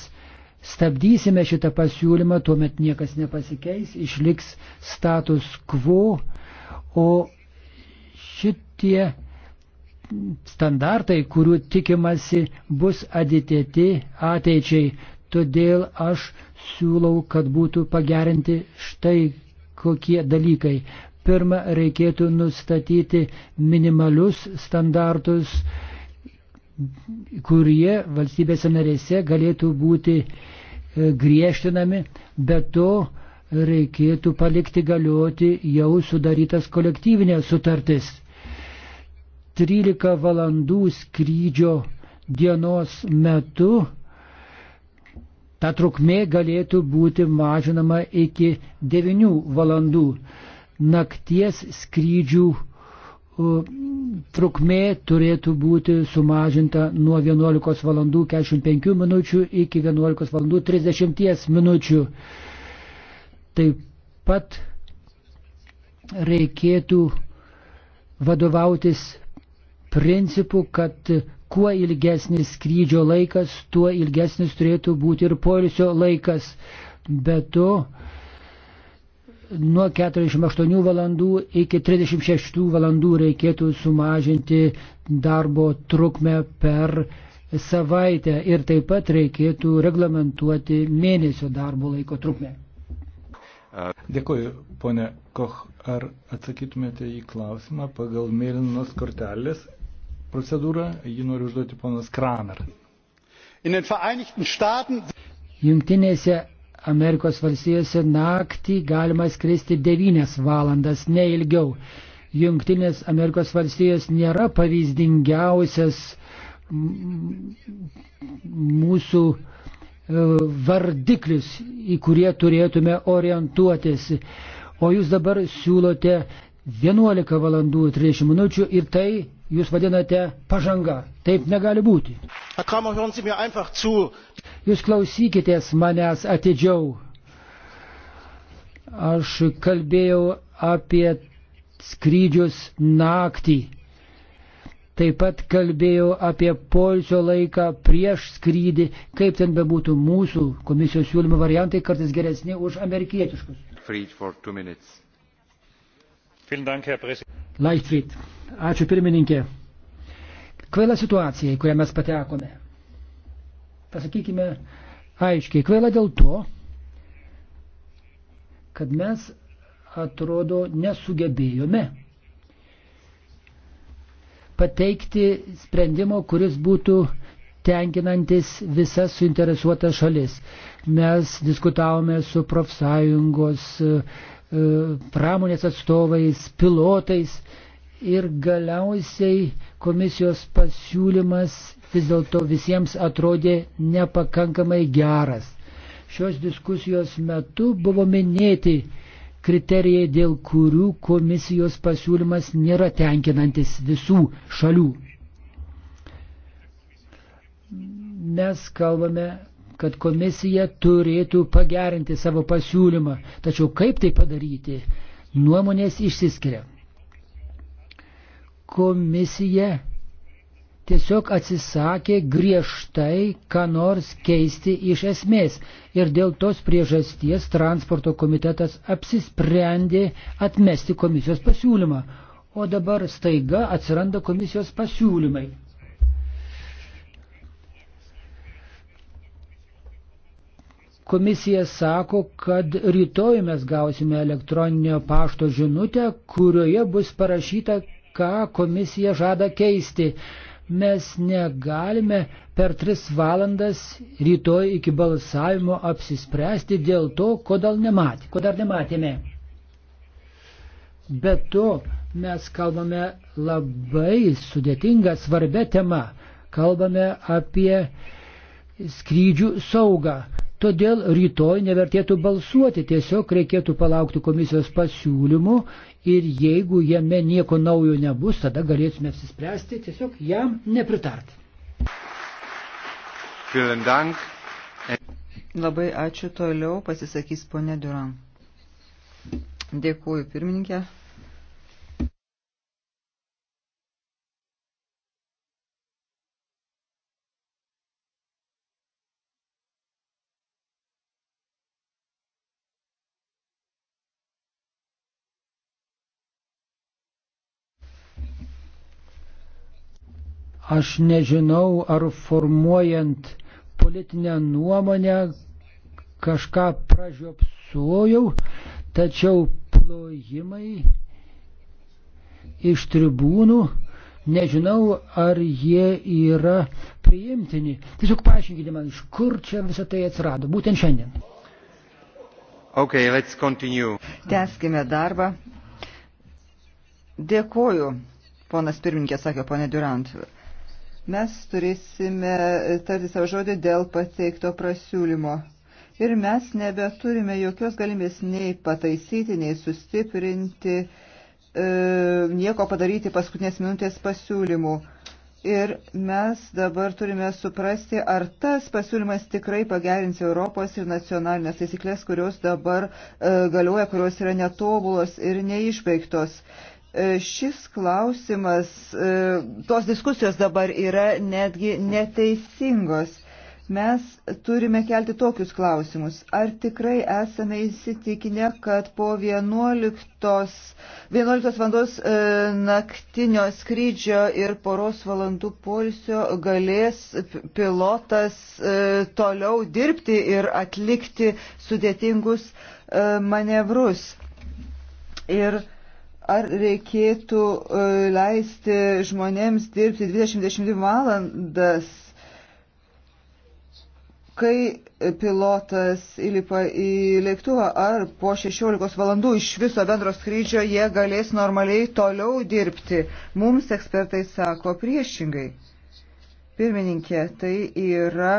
stabdysime šitą pasiūlymą, tuomet niekas nepasikeis, išliks status quo, o šitie standartai, kurių tikimasi, bus atitėti ateičiai. Todėl aš siūlau, kad būtų pagerinti štai kokie dalykai. Pirma, reikėtų nustatyti minimalius standartus, kurie valstybėse narėse galėtų būti e, griežtinami, bet to reikėtų palikti galioti jau sudarytas kolektyvinės sutartis. 13 valandų skrydžio dienos metu Ta trukmė galėtų būti mažinama iki 9 valandų. Nakties skrydžių trukmė turėtų būti sumažinta nuo 11 valandų 45 minučių iki 11 valandų 30 minučių. Taip pat reikėtų vadovautis principu, kad kuo ilgesnis skrydžio laikas, tuo ilgesnis turėtų būti ir polisio laikas. Be to, nuo 48 valandų iki 36 valandų reikėtų sumažinti darbo trukmę per savaitę ir taip pat reikėtų reglamentuoti mėnesio darbo laiko trukmę.
Dėkuoju, ponė Koch. Ar atsakytumėte į klausimą pagal mėlynos kortelės procedūrą, jį noriu užduoti ponas
Kramer. Jungtinėse Amerikos valstijose naktį galima skristi 9 valandas, ne ilgiau. Jungtinės Amerikos valstijos nėra pavyzdingiausias mm, mūsų e, vardiklis, į kurie turėtume orientuotis. O jūs dabar siūlote 11 valandų 30 minučių ir tai jūs vadinate pažanga. Taip negali būti. Jūs klausykitės manęs atidžiau. Aš kalbėjau apie skrydžius naktį. Taip pat kalbėjau apie polsio laiką prieš skrydį, kaip ten bebūtų mūsų komisijos siūlymo variantai kartais geresni už amerikietiškus. Leichtfried. Ačiū pirmininkė. Kvaila situacija, į kurią mes patekome. Pasakykime aiškiai, kvaila dėl to, kad mes atrodo nesugebėjome pateikti sprendimo, kuris būtų tenkinantis visas suinteresuotas šalis. Mes diskutavome su profsąjungos e, pramonės atstovais, pilotais Ir galiausiai komisijos pasiūlymas vis dėlto visiems atrodė nepakankamai geras. Šios diskusijos metu buvo minėti kriterijai, dėl kurių komisijos pasiūlymas nėra tenkinantis visų šalių. Mes kalbame, kad komisija turėtų pagerinti savo pasiūlymą, tačiau kaip tai padaryti, nuomonės išsiskiria komisija tiesiog atsisakė griežtai, ką nors keisti iš esmės. Ir dėl tos priežasties transporto komitetas apsisprendė atmesti komisijos pasiūlymą. O dabar staiga atsiranda komisijos pasiūlymai. Komisija sako, kad rytoj mes gausime elektroninio pašto žinutę, kurioje bus parašyta, ką komisija žada keisti. Mes negalime per tris valandas rytoj iki balsavimo apsispręsti dėl to, kodėl nematė, ko dar nematėme. Be to, mes kalbame labai sudėtingą, svarbę temą. Kalbame apie skrydžių saugą. Todėl rytoj nevertėtų balsuoti, tiesiog reikėtų palaukti komisijos pasiūlymų ir jeigu jame nieko naujo nebus, tada galėsime apsispręsti tiesiog jam nepritarti.
Labai ačiū toliau, pasisakys ponė Duran. Dėkuoju pirmininkė.
Aš nežinau, ar formuojant politinę nuomonę kažką pražiopsuojau, tačiau plojimai iš tribūnų, nežinau, ar jie yra priimtini. Tiesiog paaiškinkite man, iš kur čia visą tai atsirado, būtent šiandien.
Okay, let's continue. Tęskime darbą. Dėkuoju, ponas pirmininkė, sakė ponė Durant. Mes turėsime tarti savo žodį dėl pateikto prasiūlymo. Ir mes nebeturime jokios galimės nei pataisyti, nei sustiprinti, e, nieko padaryti paskutinės minutės pasiūlymų. Ir mes dabar turime suprasti, ar tas pasiūlymas tikrai pagerins Europos ir nacionalinės taisyklės, kurios dabar e, galioja, kurios yra netobulos ir neišbaigtos. E, E, šis klausimas, e, tos diskusijos dabar yra netgi neteisingos. Mes turime kelti tokius klausimus. Ar tikrai esame įsitikinę, kad po 11, 11 valandos e, naktinio skrydžio ir poros valandų polsio galės pilotas toliau dirbti ir atlikti sudėtingus manevrus? Ir Ar reikėtų e, leisti žmonėms dirbti 20-22 valandas, kai pilotas įlipa į lėktuvą, ar po 16 valandų iš viso bendro skrydžio jie galės normaliai toliau dirbti? Mums ekspertai sako priešingai. Pirmininkė, tai yra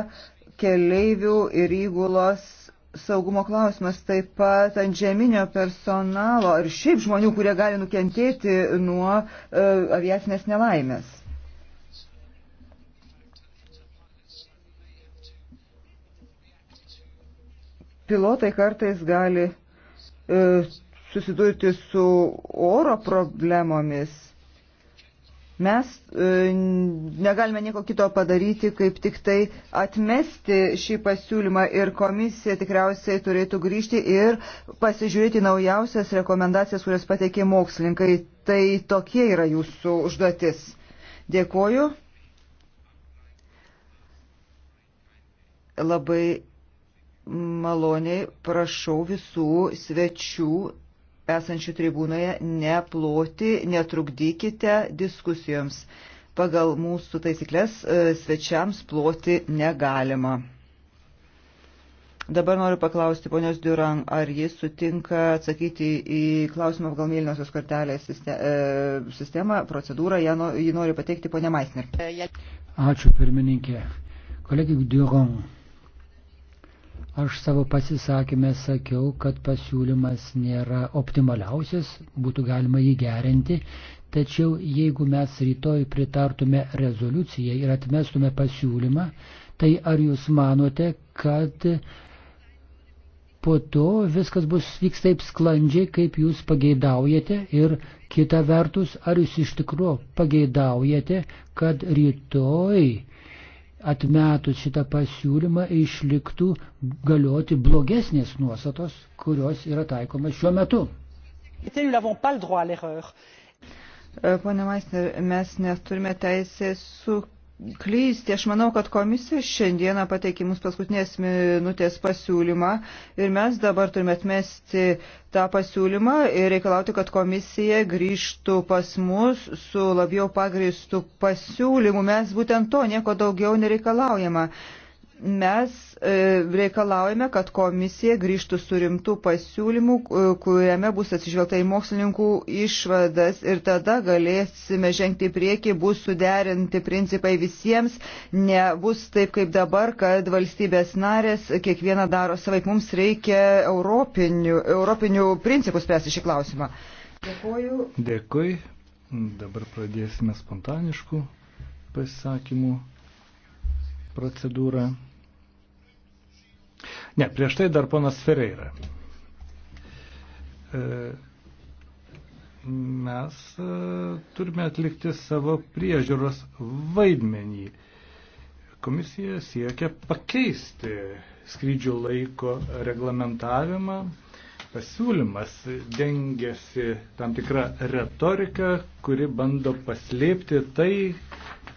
keleivių ir įgulos saugumo klausimas, taip pat ant žeminio personalo ir šiaip žmonių, kurie gali nukentėti nuo uh, aviacinės nelaimės. Pilotai kartais gali uh, susidurti su oro problemomis Mes e, negalime nieko kito padaryti, kaip tik tai atmesti šį pasiūlymą ir komisija tikriausiai turėtų grįžti ir pasižiūrėti naujausias rekomendacijas, kurias pateikė mokslininkai. Tai tokie yra jūsų užduotis. Dėkuoju. Labai maloniai prašau visų svečių esančių tribūnoje, neploti, netrukdykite diskusijoms. Pagal mūsų taisyklės e, svečiams ploti negalima. Dabar noriu paklausti ponios Duran, ar jis sutinka atsakyti į klausimą pagal mėlynosios kortelės e, sistemą, procedūrą, jį nori pateikti ponia Maisner.
Ačiū pirmininkė. Kolegė Duran. Aš savo pasisakymę sakiau, kad pasiūlymas nėra optimaliausias, būtų galima jį gerinti, tačiau jeigu mes rytoj pritartume rezoliucijai ir atmestume pasiūlymą, tai ar jūs manote, kad po to viskas bus vyks taip sklandžiai, kaip jūs pageidaujate ir kita vertus, ar jūs iš tikrųjų pageidaujate, kad rytoj atmetus šitą pasiūlymą išliktų galioti blogesnės nuostatos,
kurios yra taikomas šiuo metu. Pone Maisner, mes neturime teisės su klysti. Aš manau, kad komisija šiandieną pateikė mums paskutinės minutės pasiūlymą ir mes dabar turime atmesti tą pasiūlymą ir reikalauti, kad komisija grįžtų pas mus su labiau pagristų pasiūlymų. Mes būtent to nieko daugiau nereikalaujama mes e, reikalaujame, kad komisija grįžtų su rimtų pasiūlymų, e, kuriame bus atsižvelgta į mokslininkų išvadas ir tada galėsime žengti į priekį, bus suderinti principai visiems, nebus taip kaip dabar, kad valstybės narės kiekvieną daro savaip. Mums reikia europinių, europinių principų spręsti šį klausimą. Dėkuoju.
Dėkui. Dabar pradėsime spontaniškų pasisakymų procedūrą. Ne, prieš tai dar ponas Ferreira. E, mes e, turime atlikti savo priežiūros vaidmenį. Komisija siekia pakeisti skrydžių laiko reglamentavimą, pasiūlymas dengiasi tam tikrą retoriką, kuri bando paslėpti tai,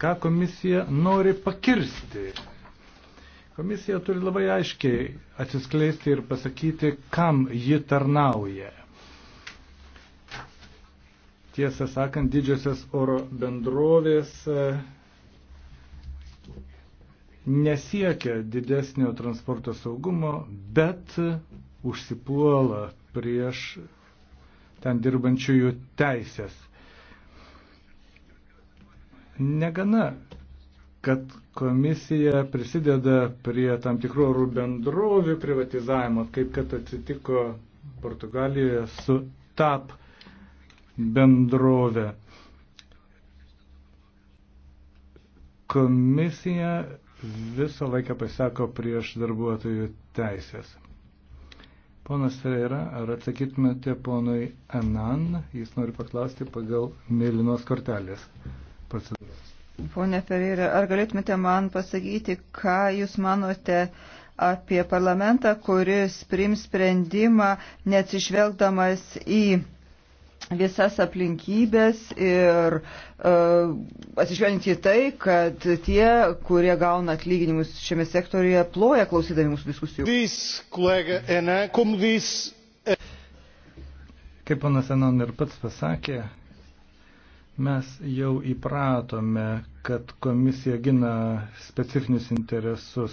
ką komisija nori pakirsti. Komisija turi labai aiškiai atsiskleisti ir pasakyti, kam ji tarnauja. Tiesą sakant, didžiosios oro bendrovės e, nesiekia didesnio transporto saugumo, bet užsipuola prieš ten dirbančiųjų teisės. Negana, kad komisija prisideda prie tam tikrų orų bendrovių privatizavimo, kaip kad atsitiko Portugalijoje su TAP bendrovė. Komisija visą laiką pasako prieš darbuotojų teisės. Ponas Ferreira, ar atsakytumėte ponui Anan, jis nori paklausti pagal mėlynos kortelės procedūros.
Pone Ferreira, ar galėtumėte man pasakyti, ką jūs manote apie parlamentą, kuris prims sprendimą neatsižvelgdamas į visas aplinkybės ir uh, atsižvelgiant į tai, kad tie, kurie gauna atlyginimus šiame sektoriuje, ploja klausydami mūsų diskusijų. E-
Kaip panas Enon ir pats pasakė, mes jau įpratome, kad komisija gina specifinius interesus.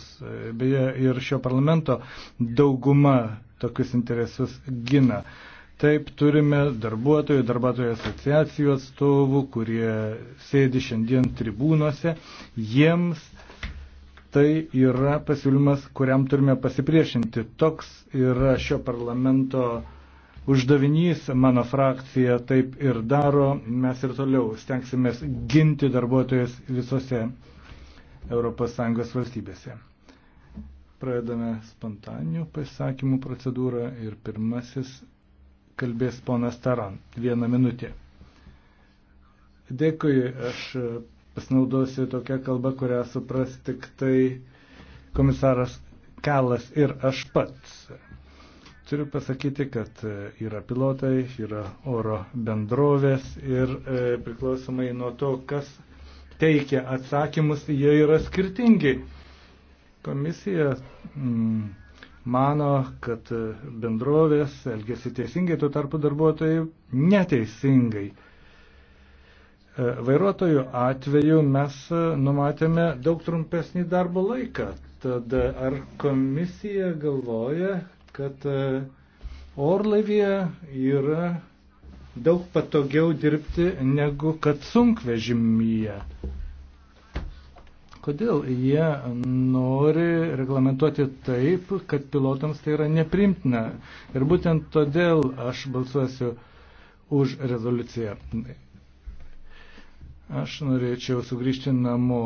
Beje, ir šio parlamento dauguma tokius interesus gina. Uh, Taip turime darbuotojų, darbuotojų asociacijų atstovų, kurie sėdi šiandien tribūnose. Jiems tai yra pasiūlymas, kuriam turime pasipriešinti. Toks yra šio parlamento uždavinys, mano frakcija taip ir daro. Mes ir toliau stengsimės ginti darbuotojus visose ES valstybėse. Pradedame spontaninių pasisakymų procedūrą ir pirmasis kalbės ponas Taran. Vieną minutę. Dėkui, aš pasinaudosiu tokią kalbą, kurią supras tik tai komisaras Kalas ir aš pats. Turiu pasakyti, kad yra pilotai, yra oro bendrovės ir e, priklausomai nuo to, kas teikia atsakymus, jie yra skirtingi. Komisija mm, mano, kad bendrovės elgesi teisingai, tuo tarpu darbuotojai neteisingai. E, vairuotojų atveju mes numatėme daug trumpesnį darbo laiką. Tad ar komisija galvoja, kad e, orlaivėje yra daug patogiau dirbti negu kad sunkvežimyje? Kodėl jie nori reglamentuoti taip, kad pilotams tai yra neprimtina? Ir būtent todėl aš balsuosiu už rezoliuciją. Aš norėčiau sugrįžti namo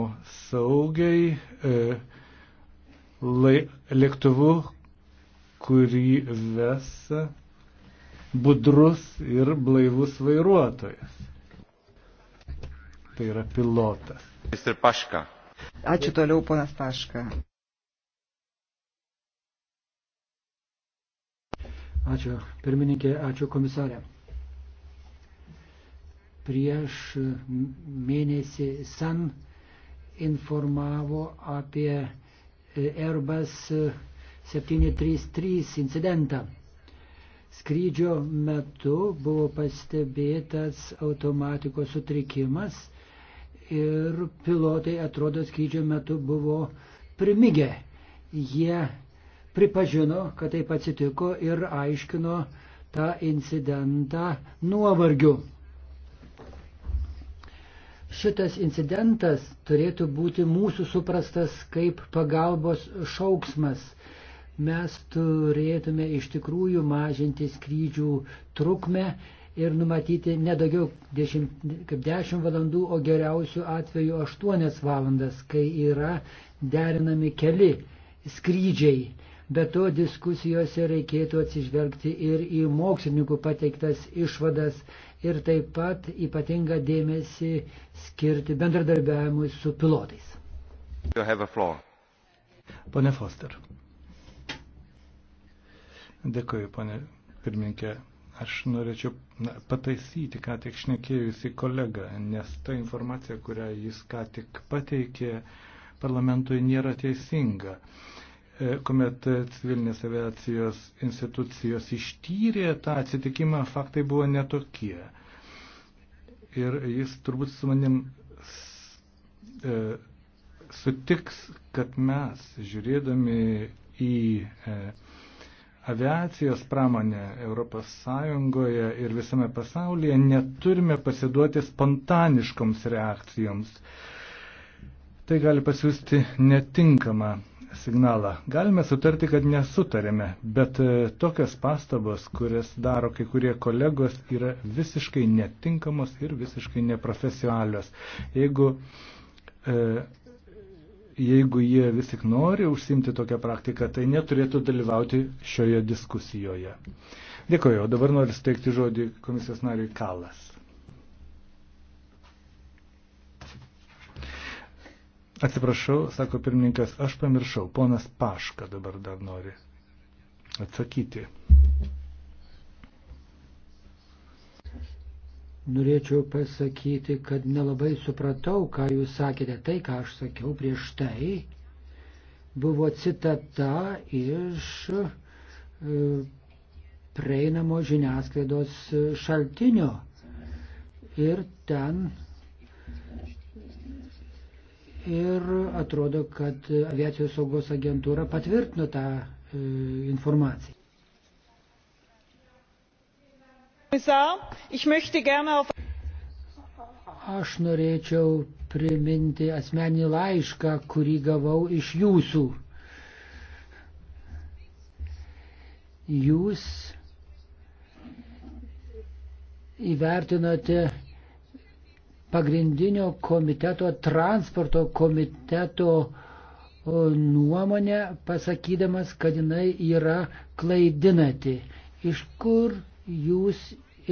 saugiai e, lai, lėktuvu, kurį ves budrus ir blaivus vairuotojas. Tai yra pilotas. Mr. Paška.
Ačiū toliau, ponas Paška.
Ačiū, pirmininkė, ačiū komisarė. Prieš mėnesį SAN informavo apie Airbus 733 incidentą. Skrydžio metu buvo pastebėtas automatikos sutrikimas ir pilotai atrodo skrydžio metu buvo primigę. Jie pripažino, kad taip atsitiko ir aiškino tą incidentą nuovargiu. Šitas incidentas turėtų būti mūsų suprastas kaip pagalbos šauksmas. Mes turėtume iš tikrųjų mažinti skrydžių trukmę ir numatyti nedaugiau kaip 10 valandų, o geriausių atveju 8 valandas, kai yra derinami keli skrydžiai. Be to diskusijose reikėtų atsižvelgti ir į mokslininkų pateiktas išvadas ir taip pat ypatingą dėmesį skirti bendradarbiavimui su pilotais. Pone Foster.
Dėkuoju, pone pirmininkė. Aš norėčiau pataisyti, ką tik šnekėjusi kolega, nes ta informacija, kurią jis ką tik pateikė, parlamentui nėra teisinga. E, Komet civilinės aviacijos institucijos ištyrė tą atsitikimą, faktai buvo netokie. Ir jis turbūt su manim e, sutiks, kad mes, žiūrėdami į e, aviacijos pramonė ES ir visame pasaulyje neturime pasiduoti spontaniškoms reakcijoms. Tai gali pasiūsti netinkamą signalą. Galime sutarti, kad nesutarėme, bet e, tokios pastabos, kurias daro kai kurie kolegos, yra visiškai netinkamos ir visiškai neprofesionalios. Jeigu e, jeigu jie vis tik nori užsimti tokią praktiką, tai neturėtų dalyvauti šioje diskusijoje. Dėkoju, o dabar noriu steigti žodį komisijos nariui Kalas. Atsiprašau, sako pirmininkas, aš pamiršau, ponas Paška dabar dar nori atsakyti.
Norėčiau pasakyti, kad nelabai supratau, ką jūs sakėte. Tai, ką aš sakiau prieš tai, buvo citata iš e, prieinamo žiniasklaidos šaltinio. Ir ten. Ir atrodo, kad aviacijos saugos agentūra patvirtino tą e, informaciją.
Aš
norėčiau priminti asmenį laišką, kurį gavau iš jūsų. Jūs įvertinote pagrindinio komiteto, transporto komiteto nuomonę, pasakydamas, kad jinai yra klaidinati. Iš kur jūs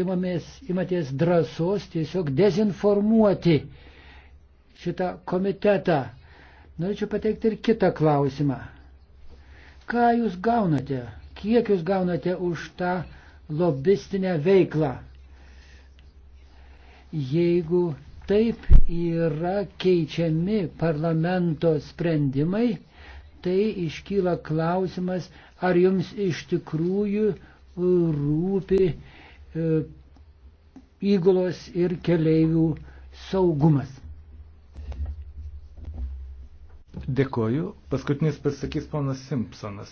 imamės, imatės drąsos tiesiog dezinformuoti šitą komitetą. Norėčiau pateikti ir kitą klausimą. Ką jūs gaunate? Kiek jūs gaunate už tą lobistinę veiklą? Jeigu taip yra keičiami parlamento sprendimai, tai iškyla klausimas, ar jums iš tikrųjų rūpi e, įgulos ir keleivių saugumas.
Dėkoju. Paskutinis pasakys ponas Simpsonas.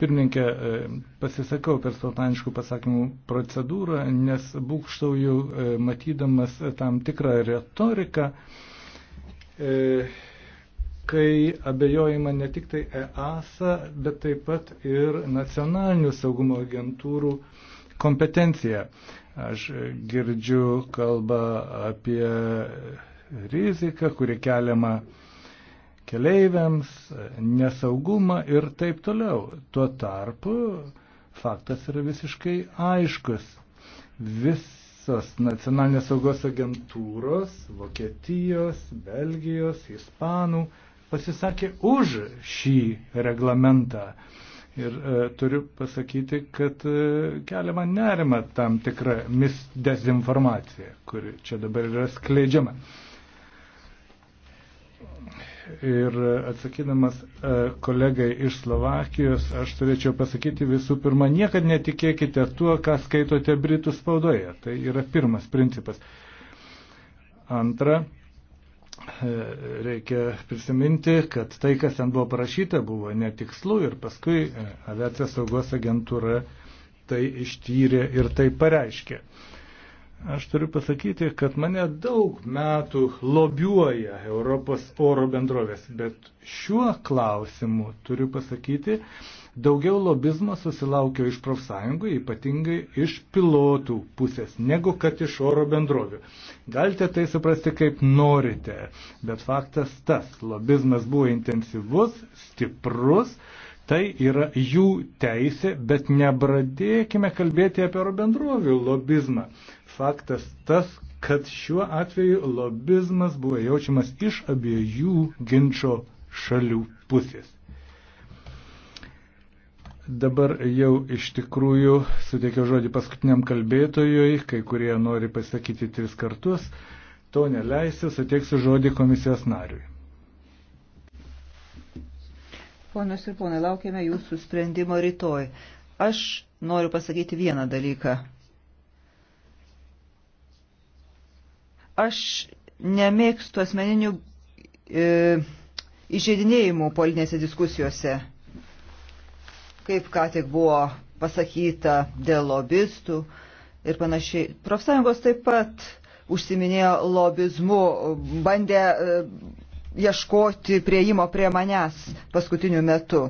Pirmininkė, e, pasisakau per spontaniškų pasakymų procedūrą, nes būkštauju e, matydamas tam tikrą retoriką. E, kai abejojama ne tik tai EASA, bet taip pat ir nacionalinių saugumo agentūrų kompetencija. Aš girdžiu kalbą apie riziką, kuri keliama keleiviams, nesaugumą ir taip toliau. Tuo tarpu faktas yra visiškai aiškus. Visos nacionalinės saugos agentūros, Vokietijos, Belgijos, Ispanų, pasisakė už šį reglamentą. Ir e, turiu pasakyti, kad e, keliama nerima tam tikra misdezinformacija, kuri čia dabar yra skleidžiama. Ir e, atsakydamas e, kolegai iš Slovakijos, aš turėčiau pasakyti visų pirma, niekad netikėkite tuo, ką skaitote Britų spaudoje. Tai yra pirmas principas. Antra, reikia prisiminti, kad tai, kas ten buvo parašyta, buvo netikslu ir paskui e, aviacijos saugos agentūra tai ištyrė ir tai pareiškė. Aš turiu pasakyti, kad mane daug metų lobiuoja Europos oro bendrovės, bet šiuo klausimu turiu pasakyti, Daugiau lobizmo susilaukiau iš profsąjungų, ypatingai iš pilotų pusės, negu kad iš oro bendrovių. Galite tai suprasti kaip norite, bet faktas tas, lobizmas buvo intensyvus, stiprus, tai yra jų teisė, bet nebradėkime kalbėti apie oro bendrovių lobizmą. Faktas tas, kad šiuo atveju lobizmas buvo jaučiamas iš abiejų ginčio šalių pusės. Dabar jau iš tikrųjų suteikiau žodį paskutiniam kalbėtojui, kai kurie nori pasakyti tris kartus. To neleisiu, suteiksiu žodį komisijos nariui.
Ponios ir ponai, laukiame jūsų sprendimo rytoj. Aš noriu pasakyti vieną dalyką. Aš nemėgstu asmeninių e, įžeidinėjimų politinėse diskusijose kaip ką tik buvo pasakyta dėl lobistų ir panašiai. Profsąjungos taip pat užsiminėjo lobizmu, bandė e, ieškoti prieimo prie manęs paskutiniu metu.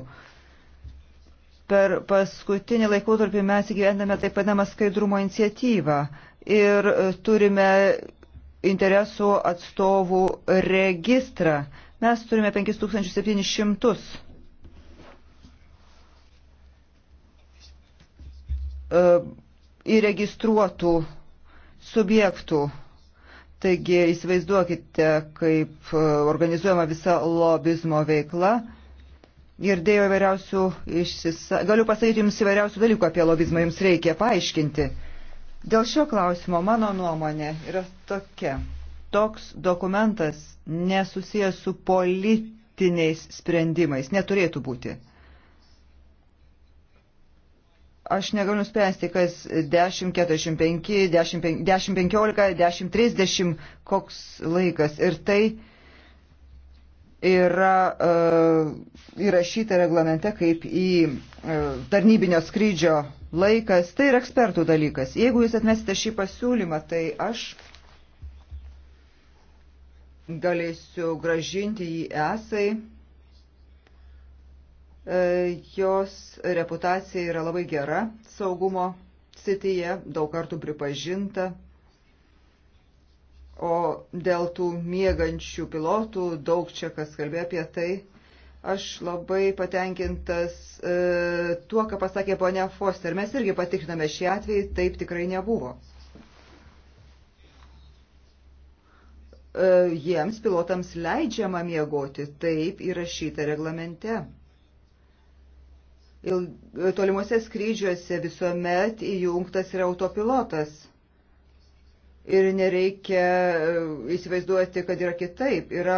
Per paskutinį laikotarpį mes įgyvendame taip vadinamą skaidrumo iniciatyvą ir e, turime interesų atstovų registrą. Mes turime 5700 E, įregistruotų subjektų. Taigi įsivaizduokite, kaip e, organizuojama visa lobizmo veikla. Girdėjau įvairiausių išsisa... Galiu pasakyti jums įvairiausių dalykų apie lobizmą, jums reikia paaiškinti. Dėl šio klausimo mano nuomonė yra tokia. Toks dokumentas nesusijęs su politiniais sprendimais neturėtų būti. Aš negaliu nuspręsti, kas 10, 45, 10, 10, 15, 10, 30, koks laikas. Ir tai yra uh, įrašyta reglamente kaip į uh, tarnybinio skrydžio laikas. Tai yra ekspertų dalykas. Jeigu jūs atmesite šį pasiūlymą, tai aš galėsiu gražinti jį esai. E, jos reputacija yra labai gera saugumo sityje, daug kartų pripažinta. O dėl tų miegančių pilotų, daug čia kas kalbėjo apie tai, aš labai patenkintas e, tuo, ką pasakė ponia Foster. Mes irgi patikriname šį atvejį, taip tikrai nebuvo. E, jiems pilotams leidžiama miegoti, taip įrašyta reglamente tolimuose skrydžiuose visuomet įjungtas yra autopilotas. Ir nereikia e, įsivaizduoti, kad yra kitaip. Yra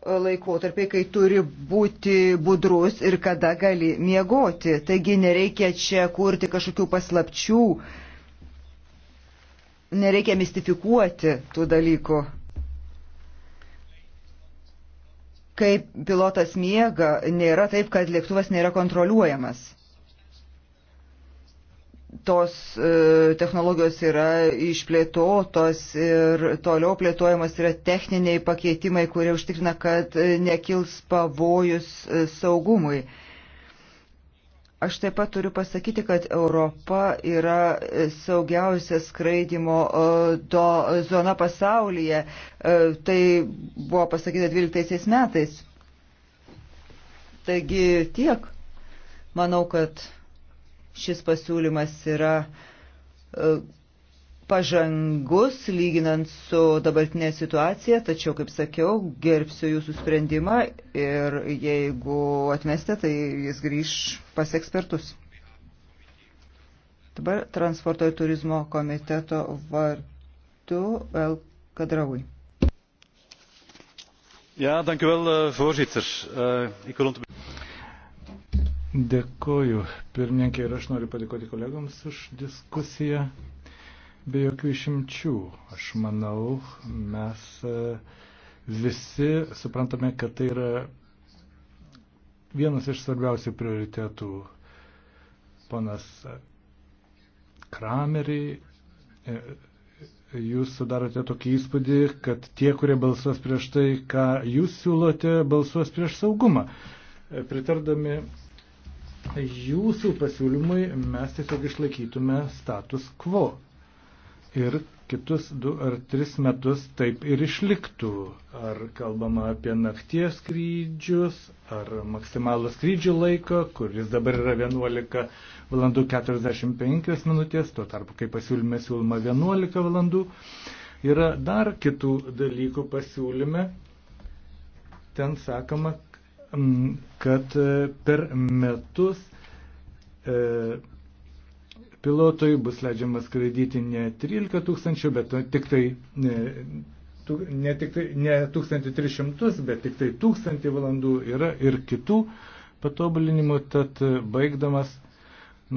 laikotarpiai, kai turi būti budrus ir kada gali miegoti. Taigi nereikia čia kurti kažkokių paslapčių, nereikia mistifikuoti tų dalykų. kai pilotas miega, nėra taip, kad lėktuvas nėra kontroliuojamas. Tos e, technologijos yra išplėtotos ir toliau plėtojamas yra techniniai pakeitimai, kurie užtikrina, kad e, nekils pavojus e, saugumui. E, Aš taip pat turiu pasakyti, kad Europa yra e, saugiausia skraidimo e, do, zona pasaulyje. E, tai buvo pasakyta 12 metais. Taigi tiek. Manau, kad šis pasiūlymas yra pažangus, lyginant su dabartinė situacija, tačiau, kaip sakiau, gerbsiu jūsų sprendimą ir jeigu atmestė, tai jis grįž pas ekspertus. Dabar transporto ir turizmo komiteto vartu El Kadravui.
Ja, dank u wel, eh, voorzitter. Uh, ik wil ont...
Dėkoju,
pirmininkė, ir aš noriu padėkoti kolegoms už diskusiją be jokių išimčių. Aš manau, mes e, visi suprantame, kad tai yra vienas iš svarbiausių prioritetų. Ponas Kramerį, e, jūs sudarote tokį įspūdį, kad tie, kurie balsuos prieš tai, ką jūs siūlote, balsuos prieš saugumą. E, pritardami jūsų pasiūlymui, mes tiesiog išlaikytume status quo ir kitus du ar tris metus taip ir išliktų. Ar kalbama apie nakties skrydžius, ar maksimalų skrydžių laiką, kuris dabar yra 11 valandų 45 minutės, tuo tarpu, kai pasiūlyme siūloma 11 valandų, yra dar kitų dalykų pasiūlyme. Ten sakoma, mm, kad e, per metus e, Pilotui bus leidžiama skraidyti ne 13 tūkstančių, bet tik tai ne, ne, tik tai, ne 1300, bet tik tai 1000 valandų yra ir kitų patobulinimų, tad baigdamas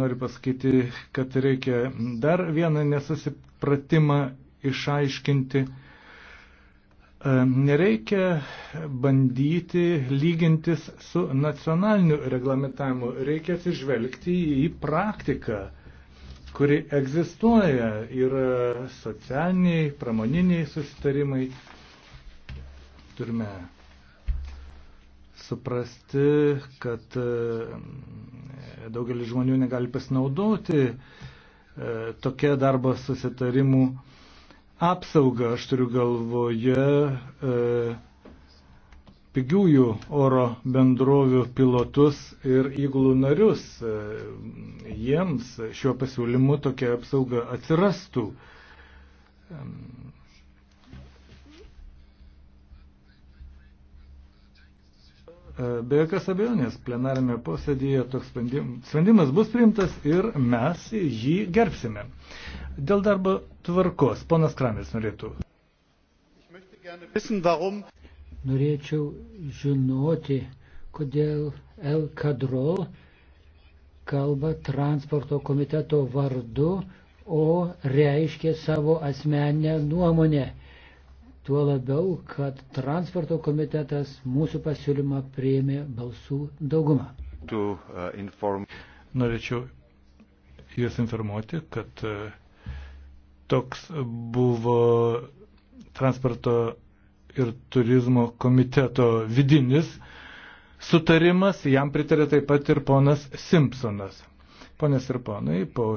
noriu pasakyti, kad reikia dar vieną nesusipratimą išaiškinti. E, nereikia bandyti lygintis su nacionaliniu reglamentavimu, reikia atsižvelgti į praktiką kuri egzistuoja, yra socialiniai, pramoniniai susitarimai. Turime suprasti, kad e, daugelis žmonių negali pasinaudoti e, tokia darbo susitarimų apsauga. Aš turiu galvoje e, pigiųjų oro bendrovių pilotus ir įgulų narius. E, jiems šiuo pasiūlymu tokia apsauga atsirastų. E, be jokios abejonės, plenarime posėdėje toks sprendimas bus priimtas ir mes jį gerbsime. Dėl darbo tvarkos, ponas Kramis norėtų
norėčiau žinoti, kodėl El Kadrol kalba transporto komiteto vardu, o reiškia savo asmeninę nuomonę. Tuo labiau, kad transporto komitetas mūsų pasiūlymą prieimė balsų daugumą.
To, uh, inform... Norėčiau Jūs informuoti, kad uh, toks buvo transporto ir turizmo komiteto vidinis sutarimas, jam pritarė taip pat ir ponas Simpsonas. Ponas ir ponai, po